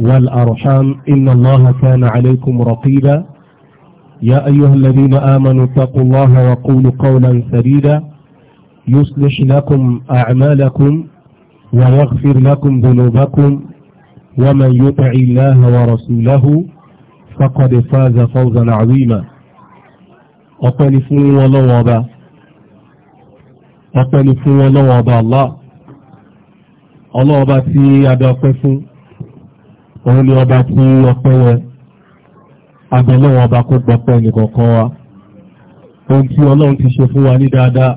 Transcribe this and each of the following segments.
والأرحام إن الله كان عليكم رقيبا يا أيها الذين آمنوا اتقوا الله وقولوا قولا سديدا يصلح لكم أعمالكم ويغفر لكم ذنوبكم ومن يطع الله ورسوله فقد فاز فوزا عظيما أقل فون ولوابا أقل فون ولوابا الله أبا باتي أدى فون òun ni ọba tí ọpẹ́ yẹ abẹ́lẹ́wọ̀n ọba kó gbọ́pẹ́ nìkọ̀ọ̀kan wa ohun tí ọlọ́run ti ṣe fún wa ní dáadáa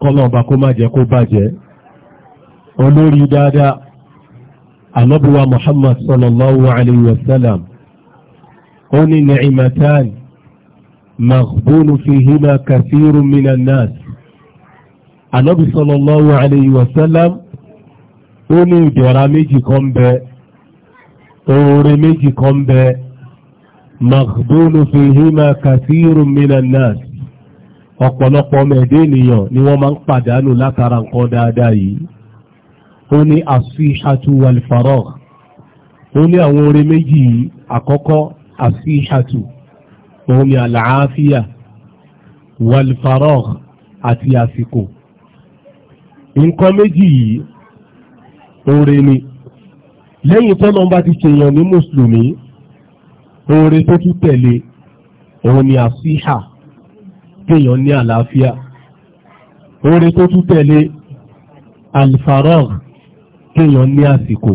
kọ́lọ̀ ọba kó má jẹ́ kó bàjẹ́ olórí dáadáa anábíwá muhammad sallallahu alayhi wa sallam ó ní ni'imatan maghbunu fihima kathirun minan nas anábí sallallahu alayhi wa sallam ó ní ìdẹ̀ra méjì kan bẹ́ẹ̀ oore méjì kan bẹ maghdulu fihima kathirun minan nas ọ̀pọ̀lọpọ̀ mẹ̀dé ènìyàn ni wọ́n máa ń pàdánù látara nǹkan dáadáa yìí ó ní asíhatu walfaragh ó ní àwọn oore méjì àkọ́kọ́ asíhatu òun ni àlàáfíà walfaragh àti àsìkò nǹkan méjì yìí oore ni lẹ́yìn tọ́nà bá ti ṣèyàn ní mùsùlùmí oore tó tún tẹ̀lé òun ni àṣíhà kéèyàn ní àlàáfíà oore tó tún tẹ̀lé alfarag kéèyàn ní àsìkò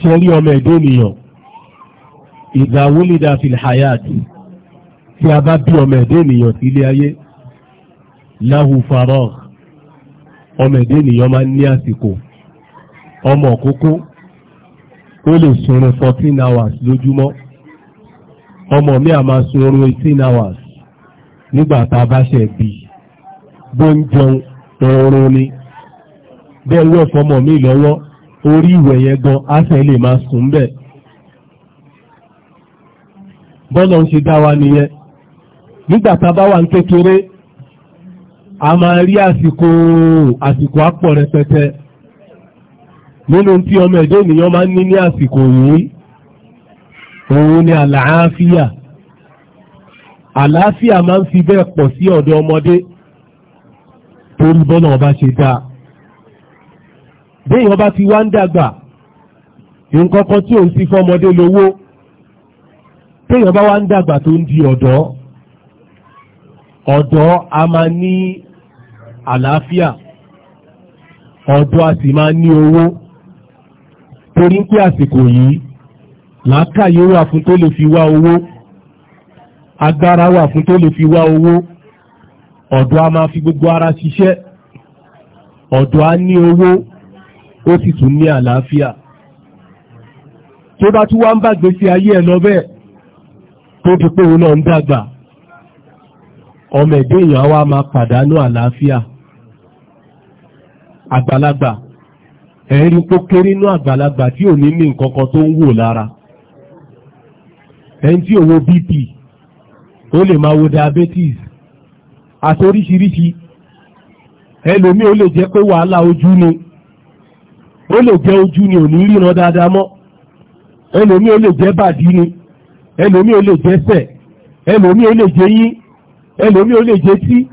ṣe rí ọmọ ẹ̀dọ́ ènìyàn ìdáwólídà filhayat tí a bá bí ọmọ ẹ̀dọ́ ènìyàn sílé ayé lahu farag ọmọ ẹ̀dọ́ ènìyàn máa ń ní àsìkò ọmọ òkókó ó lè sunrun fourteen hours lójúmọ́ ọmọ mi a máa sunrun eighteen hours nígbà tá bá ṣe bí bó ń jẹun oorun ni bẹ́ẹ̀ wẹ̀ fọmọ mi lọ́wọ́ orí ìwẹ̀ yẹn gan àṣẹ lè máa sùn bẹ́ẹ̀ bọ́lọ̀ ń ṣe dá wa nìyẹn nígbà tá bá wà ní kékeré a máa rí àsìkò àsìkò àpọ̀ rẹpẹtẹ. nínú tí ọmọ ẹ̀dẹ́ ènìyàn máa ń ní ní àsìkò yìí òun ni àlàáfíà àlàáfíà máa ń fi bẹ́ẹ̀ pọ̀ sí ọ̀dọ̀ ọmọdé torí bọ́nà ọba ṣe dáa béèyàn bá ti wá ń dàgbà nǹkan kan tí òun ti fọmọdé lówó béèyàn bá wá ń dàgbà tó ń di ọ̀dọ́ ọ̀dọ́ a máa ní àlàáfíà ọ̀dọ́ a sì máa ní owó torí pé àsìkò yìí làákàyè wà fún tó lè fi wá owó agbára wà fún tó lè fi wá owó ọ̀dọ́ a máa fi gbogbo ara ṣiṣẹ́ ọ̀dọ́ a ní owó ó sì tún ní àlàáfíà tó bá tún wá ń bàgbé ayé ẹ̀ lọ bẹ́ẹ̀ tó ti pé òun náà ń dàgbà ọmọ ẹ̀dẹ́ èèyàn á máa pàdánù àlàáfíà àgbàlagbà ẹ̀rí pó kéré inú àgbàlagbà tí ò ní ní nǹkan kan tó ń wò lára ẹni tí bp ó lè máa wo diabetes àti oríṣiríṣi ẹlòmíì ó lè jẹ́ pé wàhálà ojú ni ó lè jẹ́ ojú ni ò ní ríran dáadáa mọ́ ẹlòmíì ó lè jẹ́ bàdí ni ẹlòmíì ó lè jẹ́ sẹ̀ ẹlòmíì ó lè jẹ́ yín ẹlòmíì ó lè jẹ́ tí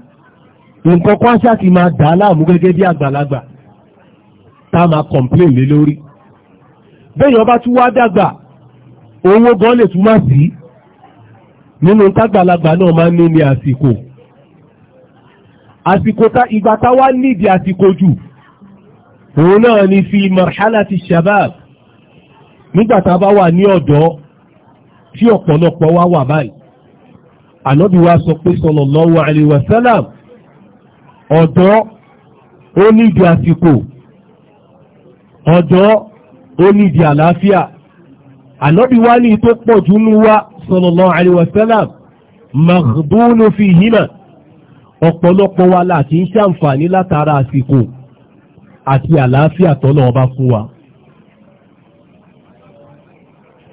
nǹkan kan ti máa dà á láàmú gẹ́gẹ́ bí àgbàlagbà. tá a máa complain lé lórí bẹ́ẹ̀ yọba tún wá dàgbà owó gan lè tún má sí nínú tágbàlagbà náà máa ń ní ní àsìkò àsìkò tá ìgbà tá wá nídìí àsìkò jù òun náà ni fi marhala ti shabab nígbà tá a bá wà ní ọ̀dọ́ tí ọ̀pọ̀lọpọ̀ wá wà báyìí ànábì wa sọ pé sallallahu alaihi wasallam ọ̀dọ́ ó nídìí àsìkò ọ̀dọ́ ó ní di àlàáfíà ànábì wá ní tó pọ̀ jù nú wa sallallahu alaihi wasallam maghdúnú fi hínà ọ̀pọ̀lọpọ̀ wa láti ń ṣàǹfààní látara àsìkò àti àlàáfíà tọ́lọ ọba fún wa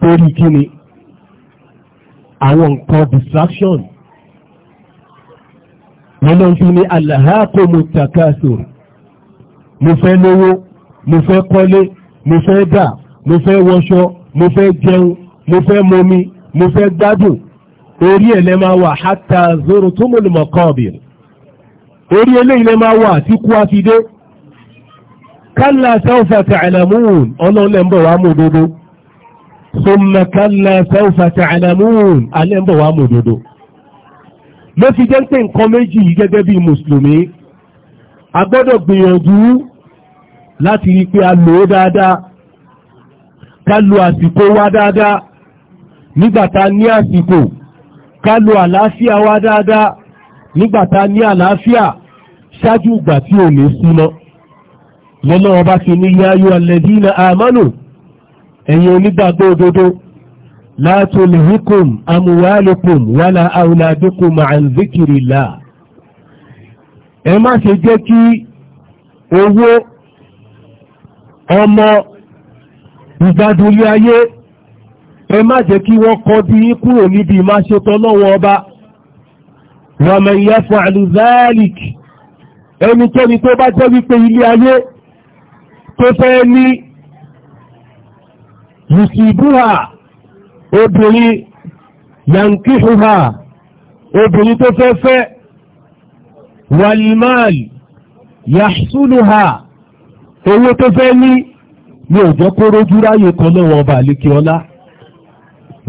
torí kíni àwọn nǹkan distraction lọ́nà fi ní alhaqumu takasur mo fẹ́ lówó mo fẹ́ kọ́lé mo fẹ́ dà mo fẹ́ wọṣọ mo fẹ́ jẹun mo fẹ́ mọmi mo fẹ́ gbádùn orí ẹ̀ lẹ́ máa wà hatta zurtumul maqabir orí eléyìí lẹ́ máa wà tí kú á kálá sawfa ta'lamun ọlọ́run lẹ́ ń bọ̀ wá mú dodo summa kálá sawfa ta'lamun alẹ́ ń bọ̀ wá mú dodo ló nǹkan méjì yìí gẹ́gẹ́ bí mùsùlùmí a gbìyànjú láti rí pé a lò ó dáadáa ká lo àsìkò wa dáadáa nígbàtá ní àsìkò ká lo àlàáfíà wa dáadáa nígbàtá ní àlàáfíà ṣáájú ìgbà tí ò ní sí lọ lọ́nà ọba fi ní yáyọ alẹ́dínà àmánù ẹ̀yin onígbàgbọ́ òdodo láàtò lèhíkùn amúwálùkùn wàlà àwùlàdùkùn màánzíkìrìlá ẹ má ṣe jẹ́ kí owó ọmọ ìgbádùn ilé ayé ẹ má jẹ́ kí wọ́n kọ́ bí i kúrò níbi ìmáṣetọ́ lọ́wọ́ ọba rọmọ ìyẹ́fọ́ àlùzáàlìk ẹnikẹ́ni tó bá jẹ́ wípé ilé ayé tó fẹ́ ní yùsìbúhà obìnrin yankihuha obìnrin tó fẹ́ fẹ́ wàlìmáàlì yàṣúlùhà owó tó fẹ́ ní mi ò jẹ́ kó rójú ráyè kan náà wọn bà lékè ọlá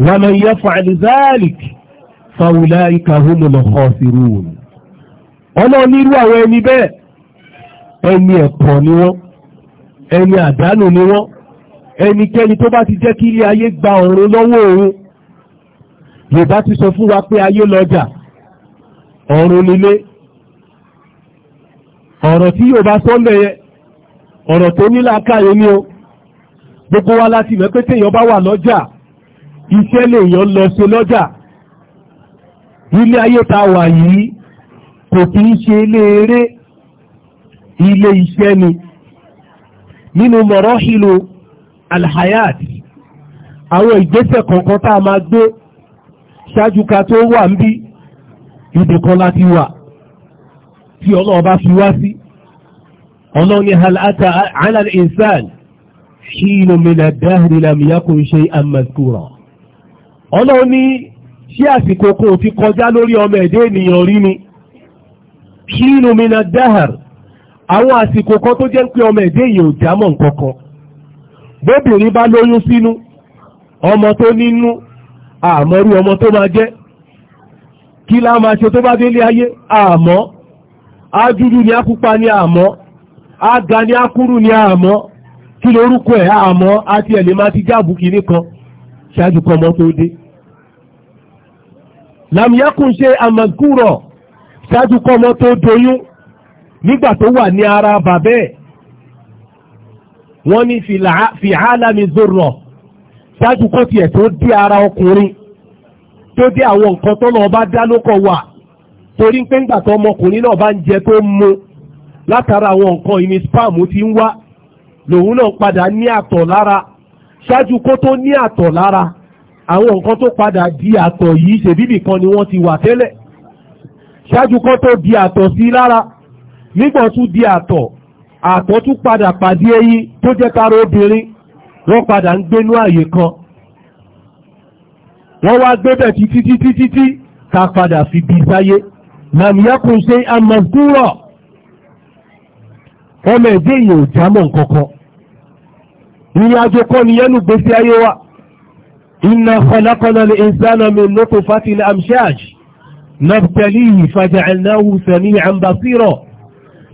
wa man yaf'al dhalik fa ulaika humul khasirun ọlọ́nirú àwọn ẹni bẹ́ẹ̀ ẹni ẹ̀kọ́ ni wọ́n ẹni àdánù ni wọ́n ẹnikẹ́ni tó bá ti jẹ́ kí ilé ayé gba ọ̀run lọ́wọ́ òun yorùbá ti sọ fún wa pé ayé lọ́jà ọ̀run nílé ọ̀rọ̀ tí yorùbá sọ́lẹ̀ yẹn ọ̀rọ̀ tó nílá làákàyè ni o gbogbo wa láti pé bá wà lọ́jà iṣẹ́ lèèyàn lọ lọ́jà ilé ayé wà yìí kò kì í ṣe ilé iṣẹ́ ni nínú alhayat àwọn ìgbésẹ̀ kọ̀ọ̀kan tá a máa gbé ka tó wà ń bí láti wà tí fi Si ọlọ́run ní halata alal insan ṣílò mìnà dáhìrì làmìyàkùn ṣe àmàkùrọ̀ ọlọ́run ní ṣé àsìkò kò fi kọjá lórí ọmọ ẹ̀dẹ́ ènìyàn rí ni ṣílò mìnà dáhìrì àwọn àsìkò kan tó jẹ́ pé ọmọ ẹ̀dẹ́ yìí ò jámọ̀ nǹkankan bóbìnrin bá lóyún sínú ọmọ tó nínú àmọ́rú ọmọ tó máa jẹ́ kí lá ṣe tó bá délé ayé àmọ́ ajúdú ni á pupa ni àmọ́ aga ní akúrú ní àmọ́ kí lórúkọ ẹ̀ àmọ́ àti ẹ̀lẹ́ máa ti jáàbù kan ṣáájú kan mọ́ tó dé làmìyàkùn ṣe àmàkúrọ̀ ṣáájú kan mọ́ tó doyún nígbà tó wà ní ara bàbẹ́ wọ́n ní fìhálàmì zòrò ṣáájú kan tiẹ̀ tó ara ọkùnrin tó dé àwọn nǹkan tó lọ́ọ́ bá dá lókọ̀ wà torí pé ńgbà tó ọmọkùnrin náà bá ń látara àwọn nǹkan ìní spam ti ń wá lòun náà padà ní àtọ̀ lára ṣáájú kó tó ní àtọ̀ lára àwọn nǹkan tó padà di àtọ̀ yìí ṣèbí nìkan ni wọ́n ti wà tẹ́lẹ̀ ṣáájú kó tó di àtọ̀ sí lára nígbà tún di àtọ̀ àtọ̀ tún padà pàdé ẹyin tó jẹ́ tara obìnrin wọ́n padà ń gbénú àyè kan wọ́n wá gbébẹ̀ títí títí títí ká padà fi bí sáyé màmíyá kò ṣe amọ̀súrọ̀ ọmọ ẹ̀dẹ́ èèyàn ò jámọ̀ nkankan ìrìn àjò kọ́ ni yẹnu gbèsè ayé wa inna khalaqna l-insana min nutfatin amshaj nabtalihi faja'alnahu sami'an basira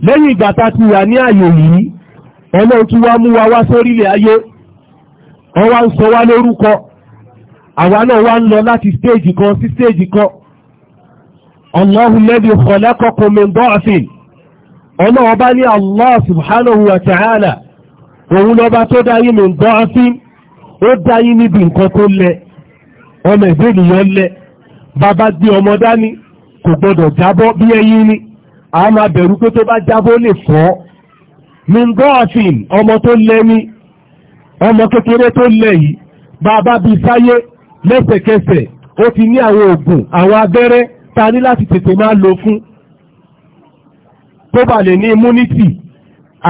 lẹ́yìn ìgbà tá a ti wà ní ààyè yìí ọlọ́run tún wá mú wa wá sórílẹ̀ ayé ọwá ń sọ wá lórúkọ àwa náà wá ń lọ láti stéèjì kan sí stéèjì kan Allahu alladhi khalaqakum min da'fin ọlọ́wọ́ bá ní Allah subhanahu wa ta'ala òun lọ́ba tó dáyé ló ń dán afín ó dáyé níbi nǹkan tó lẹ ọmọ ìbéènìyàn lẹ bàbá gbé ọmọ dání kò gbọdọ̀ jábọ́ bí ẹyin ni a máa bẹ̀rù pé tó bá jábọ́ lè fọ́ ní ń dán afín ọmọ tó lẹ ní ọmọ kékeré tó lẹ yìí bàbá bíi sáyé lẹ́sẹ̀kẹsẹ̀ ó ti ní àwọn oògùn àwọn abẹ́rẹ́ ta ní láti tètè máa lò fún tó bá lè ní immunity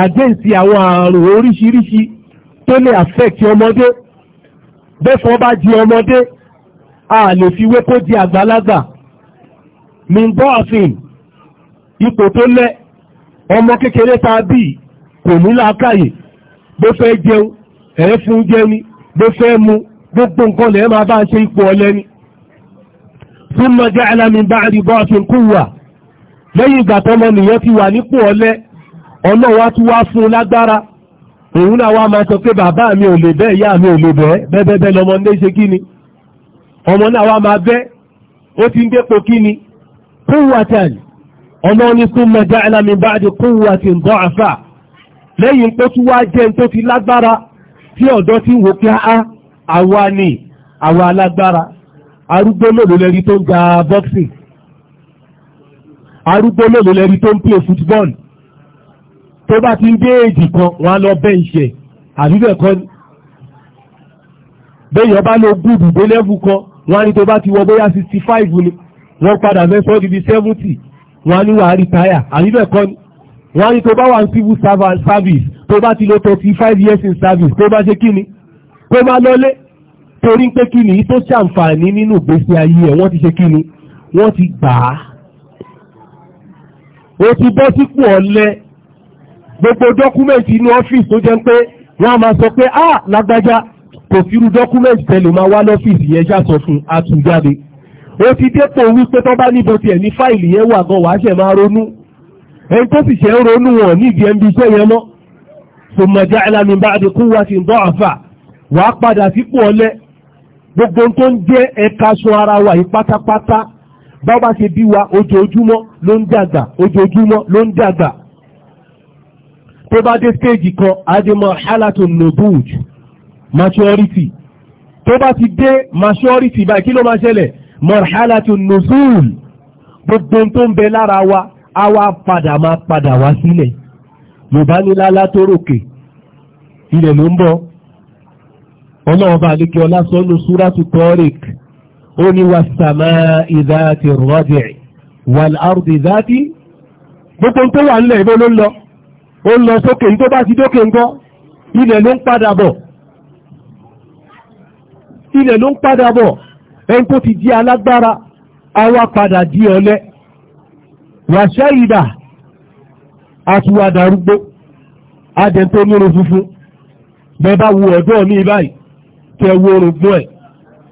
against àwọn àrùn oríṣiríṣi tó lè affect ọmọdé bẹ́fọ́ bá di ọmọdé a lè fi wé kó di àgbàlagbà mingbọ́ọ̀fin ipò tó lẹ́ ọmọ kékeré ta bí kò ní làákàyè bó fẹ́ jẹun ẹ̀ fún jẹni bó fẹ́ mu gbogbo nǹkan lẹ́ẹ̀ máa bá ṣe ipò ọlẹ́ni. súnmọ́ jẹ́ alámi bá rí kúwà lẹ́yìn ìgbà tọ́mọ nìyẹn ti wà nípò ọlẹ́ ọlọ́wà tún wá fún lágbára òun náà wá máa sọ pé bàbá mi ò lè bẹ́ẹ̀ ìyá mi ò lè bẹ́ẹ̀ bẹ́ẹ̀bẹ́ẹ̀ lọmọ ní ṣe kí ni ọmọ náà wá máa bẹ́ ó ti ń dépò kí ni quwwatan ọmọ ní summa ja'ala min ba'di quwwatin da'afa lẹ́yìn pé tún wá jẹ́ tó ti lágbára tí ọ̀dọ́ ti wò kí á àwa ni àwa alágbára arúgbó mélòó lẹ́rí tó ń ja boxing arúgbó lòlò lẹ́ni tó ń play football tó bá ti ń dé èjì kan wọn á lọ bẹ́ ìṣẹ̀ àbíbẹ̀ kan bẹ́yàn bá lọ gùdù dé lẹ́fù kan wọn á ní tó bá ti wọ bóyá sixty five ni wọ́n padà mẹ́sàn-án seventy wọn á ní wàá retire àbíbẹ̀ kan ni wọ́n á ní tó bá wà ní civil service tó bá ti lọ thirty five years in service tó bá ṣe kí ni tó bá lọlé torí pé kí ni tó ṣàǹfààní nínú ìgbésí ayé ẹ̀ wọ́n ti ṣe kí ni wọ́n ti gbà á ó ti bọ́ sípò ọ̀lẹ gbogbo dọ́kúmẹ̀ntì inú ọ́fíìsì tó jẹ́ pé wọ́n á máa sọ pé a ah, lágbájá kò fi irú dọ́kúmẹ̀ntì tẹ́lẹ̀ máa wá lọ́fíìsì yẹn ṣàṣọ fún àtúnjáde ó ti dépò wípé tó níbo tiẹ̀ ní fáìlì yẹn wà gan wàá ṣẹ̀ máa ronú ẹni tó sì ṣe ń ronú wọn nídìí ẹnbí iṣẹ́ yẹn mọ́ sọmọjà ìlànà ìbáàdì kún wá sí ń bọ́ gbogbo tó ń jẹ́ ẹ̀ka ara wa yìí báwo bá ṣe bí wa ojoojúmọ́ ló ń dàgbà ojoojúmọ́ ló ń dàgbà tó bá dé stage kan ademọ halatu nobud maturity tó bá ti dé maturity báyìí kí ló máa ṣẹlẹ̀ marhalatu nuzul gbogbo tó ń bẹ lára wa a wá padà máa padà wá sílẹ̀ yorùbá ní lálá ilẹ̀ ló ń bọ̀ ọlọ́run bá lékè ọlá sọ́nù súrátù tọ́rẹ̀kì ó ní wa sàmà ìdáàtì rọ́dìrì wà lárùdì ìdáàtì gbogbo tó wà nílẹ̀ ìbó ló ń lọ ó ń lọ sókè tó bá ti dókè ńkọ́ ilẹ̀ ló ń padà bọ̀ ilẹ̀ ló ń padà bọ̀ ẹni tó ti di alágbára àwa padà di ọ̀lẹ wà ṣáyidà àtúwàdà arúgbó adẹ̀ tó nírun funfun bẹ́ẹ̀ bá wo ọ̀dọ́ mi báyìí tẹ wo orògbó ẹ̀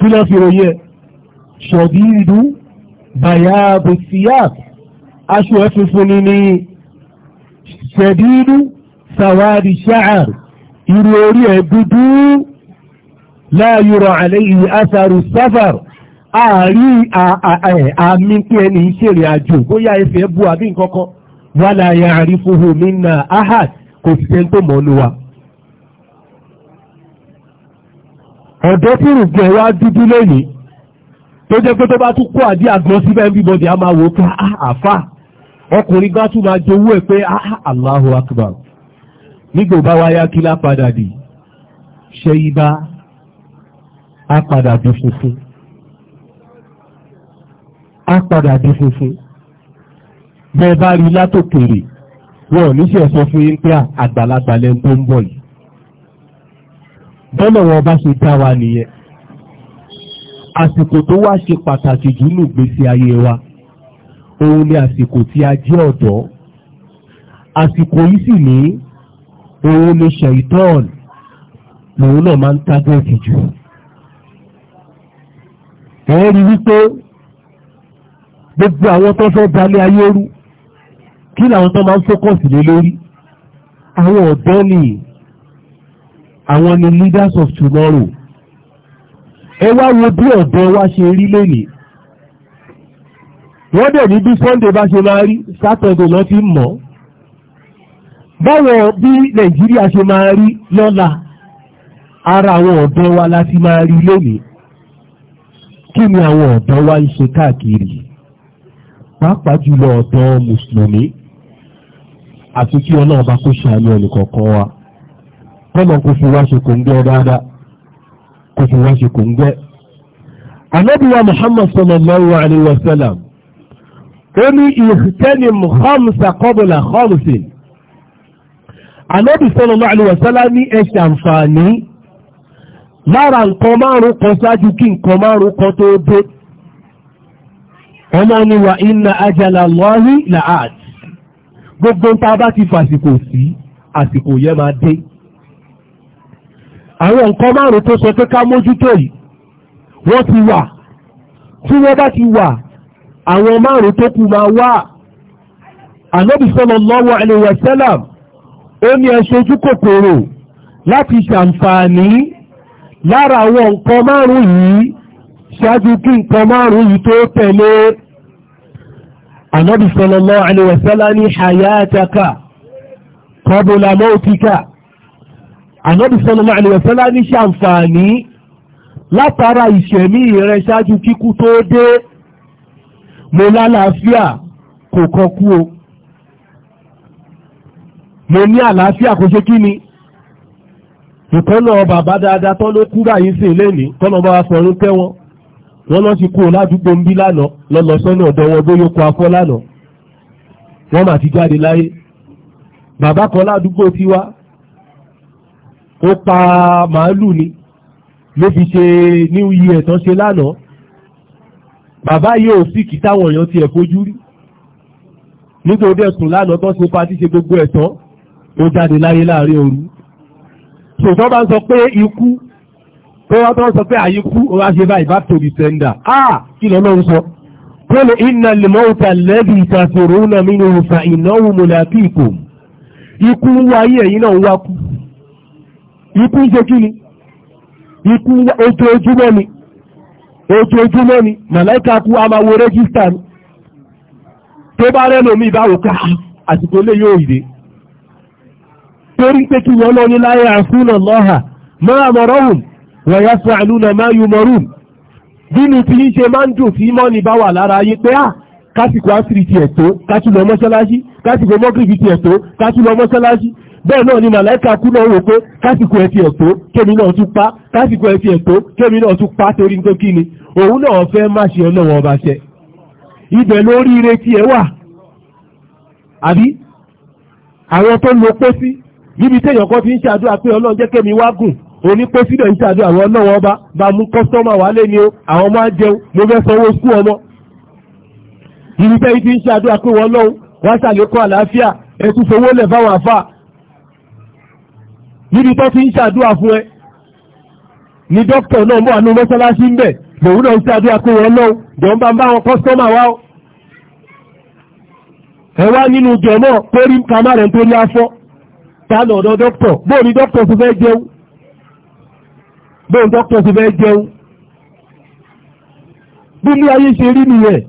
kí lọ́ fi ròyìn ẹ̀ ṣọ̀dí ìdú bàyàbò síyàt aṣọ ẹ̀ funfun ni ní ṣẹ̀dí ìdú sàwádìí ṣáàrì irú orí ẹ̀ dúdú láàyòrò àlẹ́ ìyí asaru sáfàr ààrí àmì pé ẹni ìṣèrè àjò bóyá ẹsẹ̀ bu ọ̀dọ́ tí rùgbọ̀n wá dúdú lónìí tó jẹ́ pé tó bá tún kó àdí àgbọn síbẹ̀ ń bíbọn dì á máa wò pé ah, ah, àfà ọkùnrin bá tún máa jowó ẹ̀ pé ah, Allahu Akbar nígbò bá wáyá kí lápadà dì ṣe ibá á padà di funfun á padà di funfun bẹ́ẹ̀ bá rí látòkèrè wọn ò ní ṣe sọ fún yín pé àgbàlagbà lẹ́nu tó ń bọ̀ yìí bọ́lọ̀ wọn bá ṣe dá wa nìyẹn àsìkò tó wá ṣe pàtàkì jù nù gbèsè ayé wa òun ni àsìkò tí a jẹ́ ọ̀dọ́ àsìkò yìí sì ní òun ni ṣèitọ́ọ̀n lòun náà máa ń tágẹ́ẹ̀tì jù ẹ̀ rí wípé gbogbo àwọn tó fẹ́ dalẹ̀ ayé rú kí làwọn tó máa ń fókọ̀sì lé lórí àwọn ọ̀dọ́ nìyí àwọn ni leaders of tomorrow ẹ wá wo bí ọ̀dọ́ wa ṣe rí lónìí wọ́n dẹ̀ ní bí Sunday bá ṣe máa rí Saturday lọ́ fi mọ̀ báwọn bí Nàìjíríà ṣe máa rí lọ́la ara àwọn ọ̀dọ́ wa la ti máa rí lónìí kí ni àwọn ọ̀dọ́ wa ń ṣe káàkiri pàápàá jùlọ ọ̀dọ́ mùsùlùmí àti kí ọlọ́ọ̀bá kó ṣàánú ẹnì kọ̀ọ̀kan wa kọ́lọ̀ kò sì wá ṣe kò ń gẹ́ dáadáa kò sì wá ṣe kò ń gẹ́. anábìwá muhammad sallallahu alayhi wa sallam ó ní ihtanim khamsa qabla khamsin anábì sallallahu alayhi wa sallam ní ẹ ṣàǹfààní lára nǹkan márùn-ún kan ṣáájú kí nǹkan márùn-ún kan tó dé ọmọ ni wà inna ajala Allahi la'at gbogbo tá a bá ti fàsìkò sí àsìkò yẹn máa dé àwọn nǹkan márùn tó sọ pé ká mójútó yìí wọ́n ti wà tí wọ́n bá ti wà àwọn márùn tó kù máa wà ànábì sallallahu alaihi wasallam ó ní ẹ ṣojú kòkòrò láti ṣàǹfààní lára àwọn nǹkan márùn yìí ṣáájú kí nǹkan márùn yìí tó tẹ̀lé ànábì sallallahu alaihi wasallam ní hayataka qabla mautika ànábì sallallahu alaihi wasallam ní ṣàǹfààní látara ìṣẹ̀mí rẹ ṣáájú kíkú tó dé mo lálàáfíà kò kọkú o mo ní àlàáfíà kò ṣe kí ni ìkọ́nà bàbá dáadáa tán ló kú báyìí sí ilé ní tọ́nà bá fọrún tẹ́ wọn wọ́n lọ́ ti kú o ládùúgbò ń bí lánàá lọ́lọ́ sọ́nà ọ̀dọ̀ wọn bóyá kó afọ́ lánàá wọ́n mà ti jáde láyé bàbá kan ládùúgbò tiwa ó pa màálù ni ló fi ṣe new year tán ṣe lánàá bàbá yìí ò sì kí táwọn èèyàn tiẹ̀ fojú rí nítorí ẹ̀sùn lánàá tán ṣe patí ṣe gbogbo ẹ̀tàn ó jáde láyé láàrin òru ṣòtọ́ bá ń sọ pé ikú tó wá tó ń sọ pé àyíkú ó wá ṣe báyìí bá tòbí sẹ́ńdà á kí lọ́nà ń sọ قل إن الموت الذي تفرون منه فإنه ملاقيكم ikú ń wá ayé ẹ̀yin náà ń wá kú ikú ń ṣe kí ni ikú ojoojúmọ́ ni ojoojúmọ́ ni màláìka kú a máa wo rẹ́gísítà ni tó bá rẹ́nu mi ìbáwò ká ah, àsìkò lè yóò ìdè torí pé kí wọ́n lọ ní láyé àfúnà lọ́hà máa àmọ̀rọ̀hùn wọ̀nyá fún àlúnà máa yú mọ̀rùn nínú tí ń ṣe máa ń dùn sí bá wà lára ayé pé à ah, kásìkò kásìkò mọ́ṣáláṣí kásìkò mọ́gìrì kásìkò mọ́ṣáláṣí bẹ́ẹ̀ náà ni màláìka kú náà wò pé kásìkò ẹ̀fì ẹ̀tọ́ kémi náà tún pa kásìkò ẹ̀fì ẹ̀tọ́ kémi náà tún pa torí pé kí ni òun náà fẹ́ má ṣe ọlọ́wọ́ ọba ṣẹ ibẹ̀ lórí ire tí ẹ wà àbí àwọn tó lo pósí níbi téèyàn kan ti ń ṣàdúrà pé ọlọ́run jẹ́ kémi wá gùn òní pósí náà ń ṣàdúrà àwọn ọlọ́wọ́ ọba bá mú kọ́sọ́mà wálé ni ó àwọn ọmọ jẹun mo fẹ́ sanwó sùn ọmọ ibi tẹ́yìn ti ń ṣàdúrà pé wọ́n lọ́hùn wọ́n ṣàlékún àlàáfíà ẹ̀tún fowó lẹ̀ fáwọn àfà níbi tó ti ń ṣàdúrà fún ẹ ni dókítà náà mọ́ àánú mọ́sálásí ń bẹ̀ lòun náà ń ṣàdúrà pé wọ́n náà jọ ń bá ń bá wọn kọ́sítọ́mà wá o ẹ wá nínú jọ náà tó rí kamara tó ní afọ́ ta lọ ọ̀dọ̀ dókítà bóun ni dókítà ti fẹ́ jẹun bóun dókítà ti fẹ́ jẹun bí ilé ayé ṣe rí nìyẹn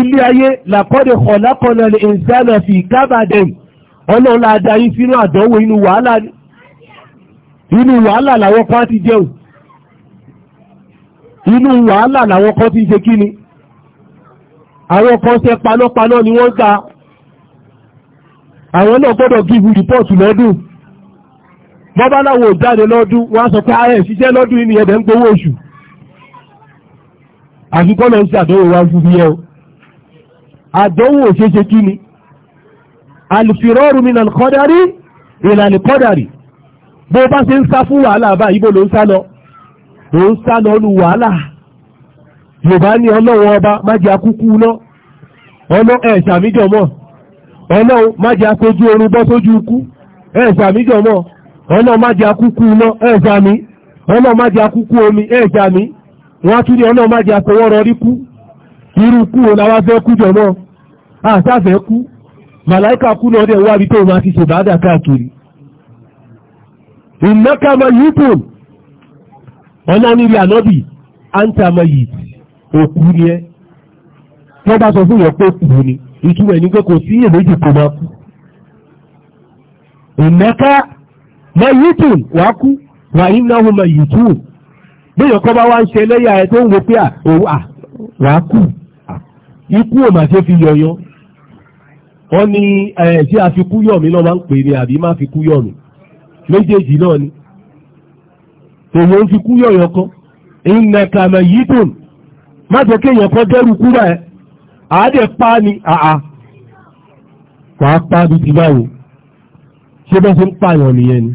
ilé ayé làkọ́dẹ̀ kọ̀lákọ̀lẹ̀ ìsánà fi kábàdẹ̀ ọlọ́run la darí sínú àdánwò inú wàhálà inú wàhálà làwọn kan ti jẹun inú wàhálà làwọn kan ti ṣe kíni àwọn kan ṣe panápaná ni wọ́n gba àwọn náà gbọ́dọ̀ gíbu rìpọ́ọ̀tù lọ́dún bọ́bá jáde lọ́dún wọ́n sọ pé ààrẹ ah, ìṣiṣẹ́ lọ́dún yìí ẹ̀dẹ̀ ń gbowó oṣù àfikọ́ lọ sí àdánwò wa fún yẹ o àdánwò òṣèṣe kí ni alifirọ́rù bó bá ṣe ń sá fún wàhálà báyìí bó ló ń sá lọ ló ń sá lọ nu wàhálà yorùbá ní ọlọ́run ọba má akúkú ná ọlọ́ ẹ̀ ṣàmíjọ ọlọ́run má akójú orun bọ́ sójú ikú ọlọ́run akúkú ọlọ́run akúkú omi tún ní ọlọ́run akọwọ́ rọrí kú irú kú wo la wá fẹ́ kú innaka mayitun ọ̀nà ọ na anta mayit òkú ni ẹ́ wọ́n bá sọ fún yẹn pé kú ni ìtumọ̀ ní pé kò sí èméjì kò máa kú innaka mayitun wàá kú wà innahu mayitun a, a náà máa ń pè ní àbí má fi méjèèjì náà ni èèyàn ń fi kú yọ̀yọ̀ kan ìnà kàmà yìí tòun má jẹ́ kéèyàn kan dẹ́rù kúrò ẹ̀ àádẹ́ pa ni àà wà á pa bí ti báwo ṣé bá ṣe ń pààyàn nìyẹn ni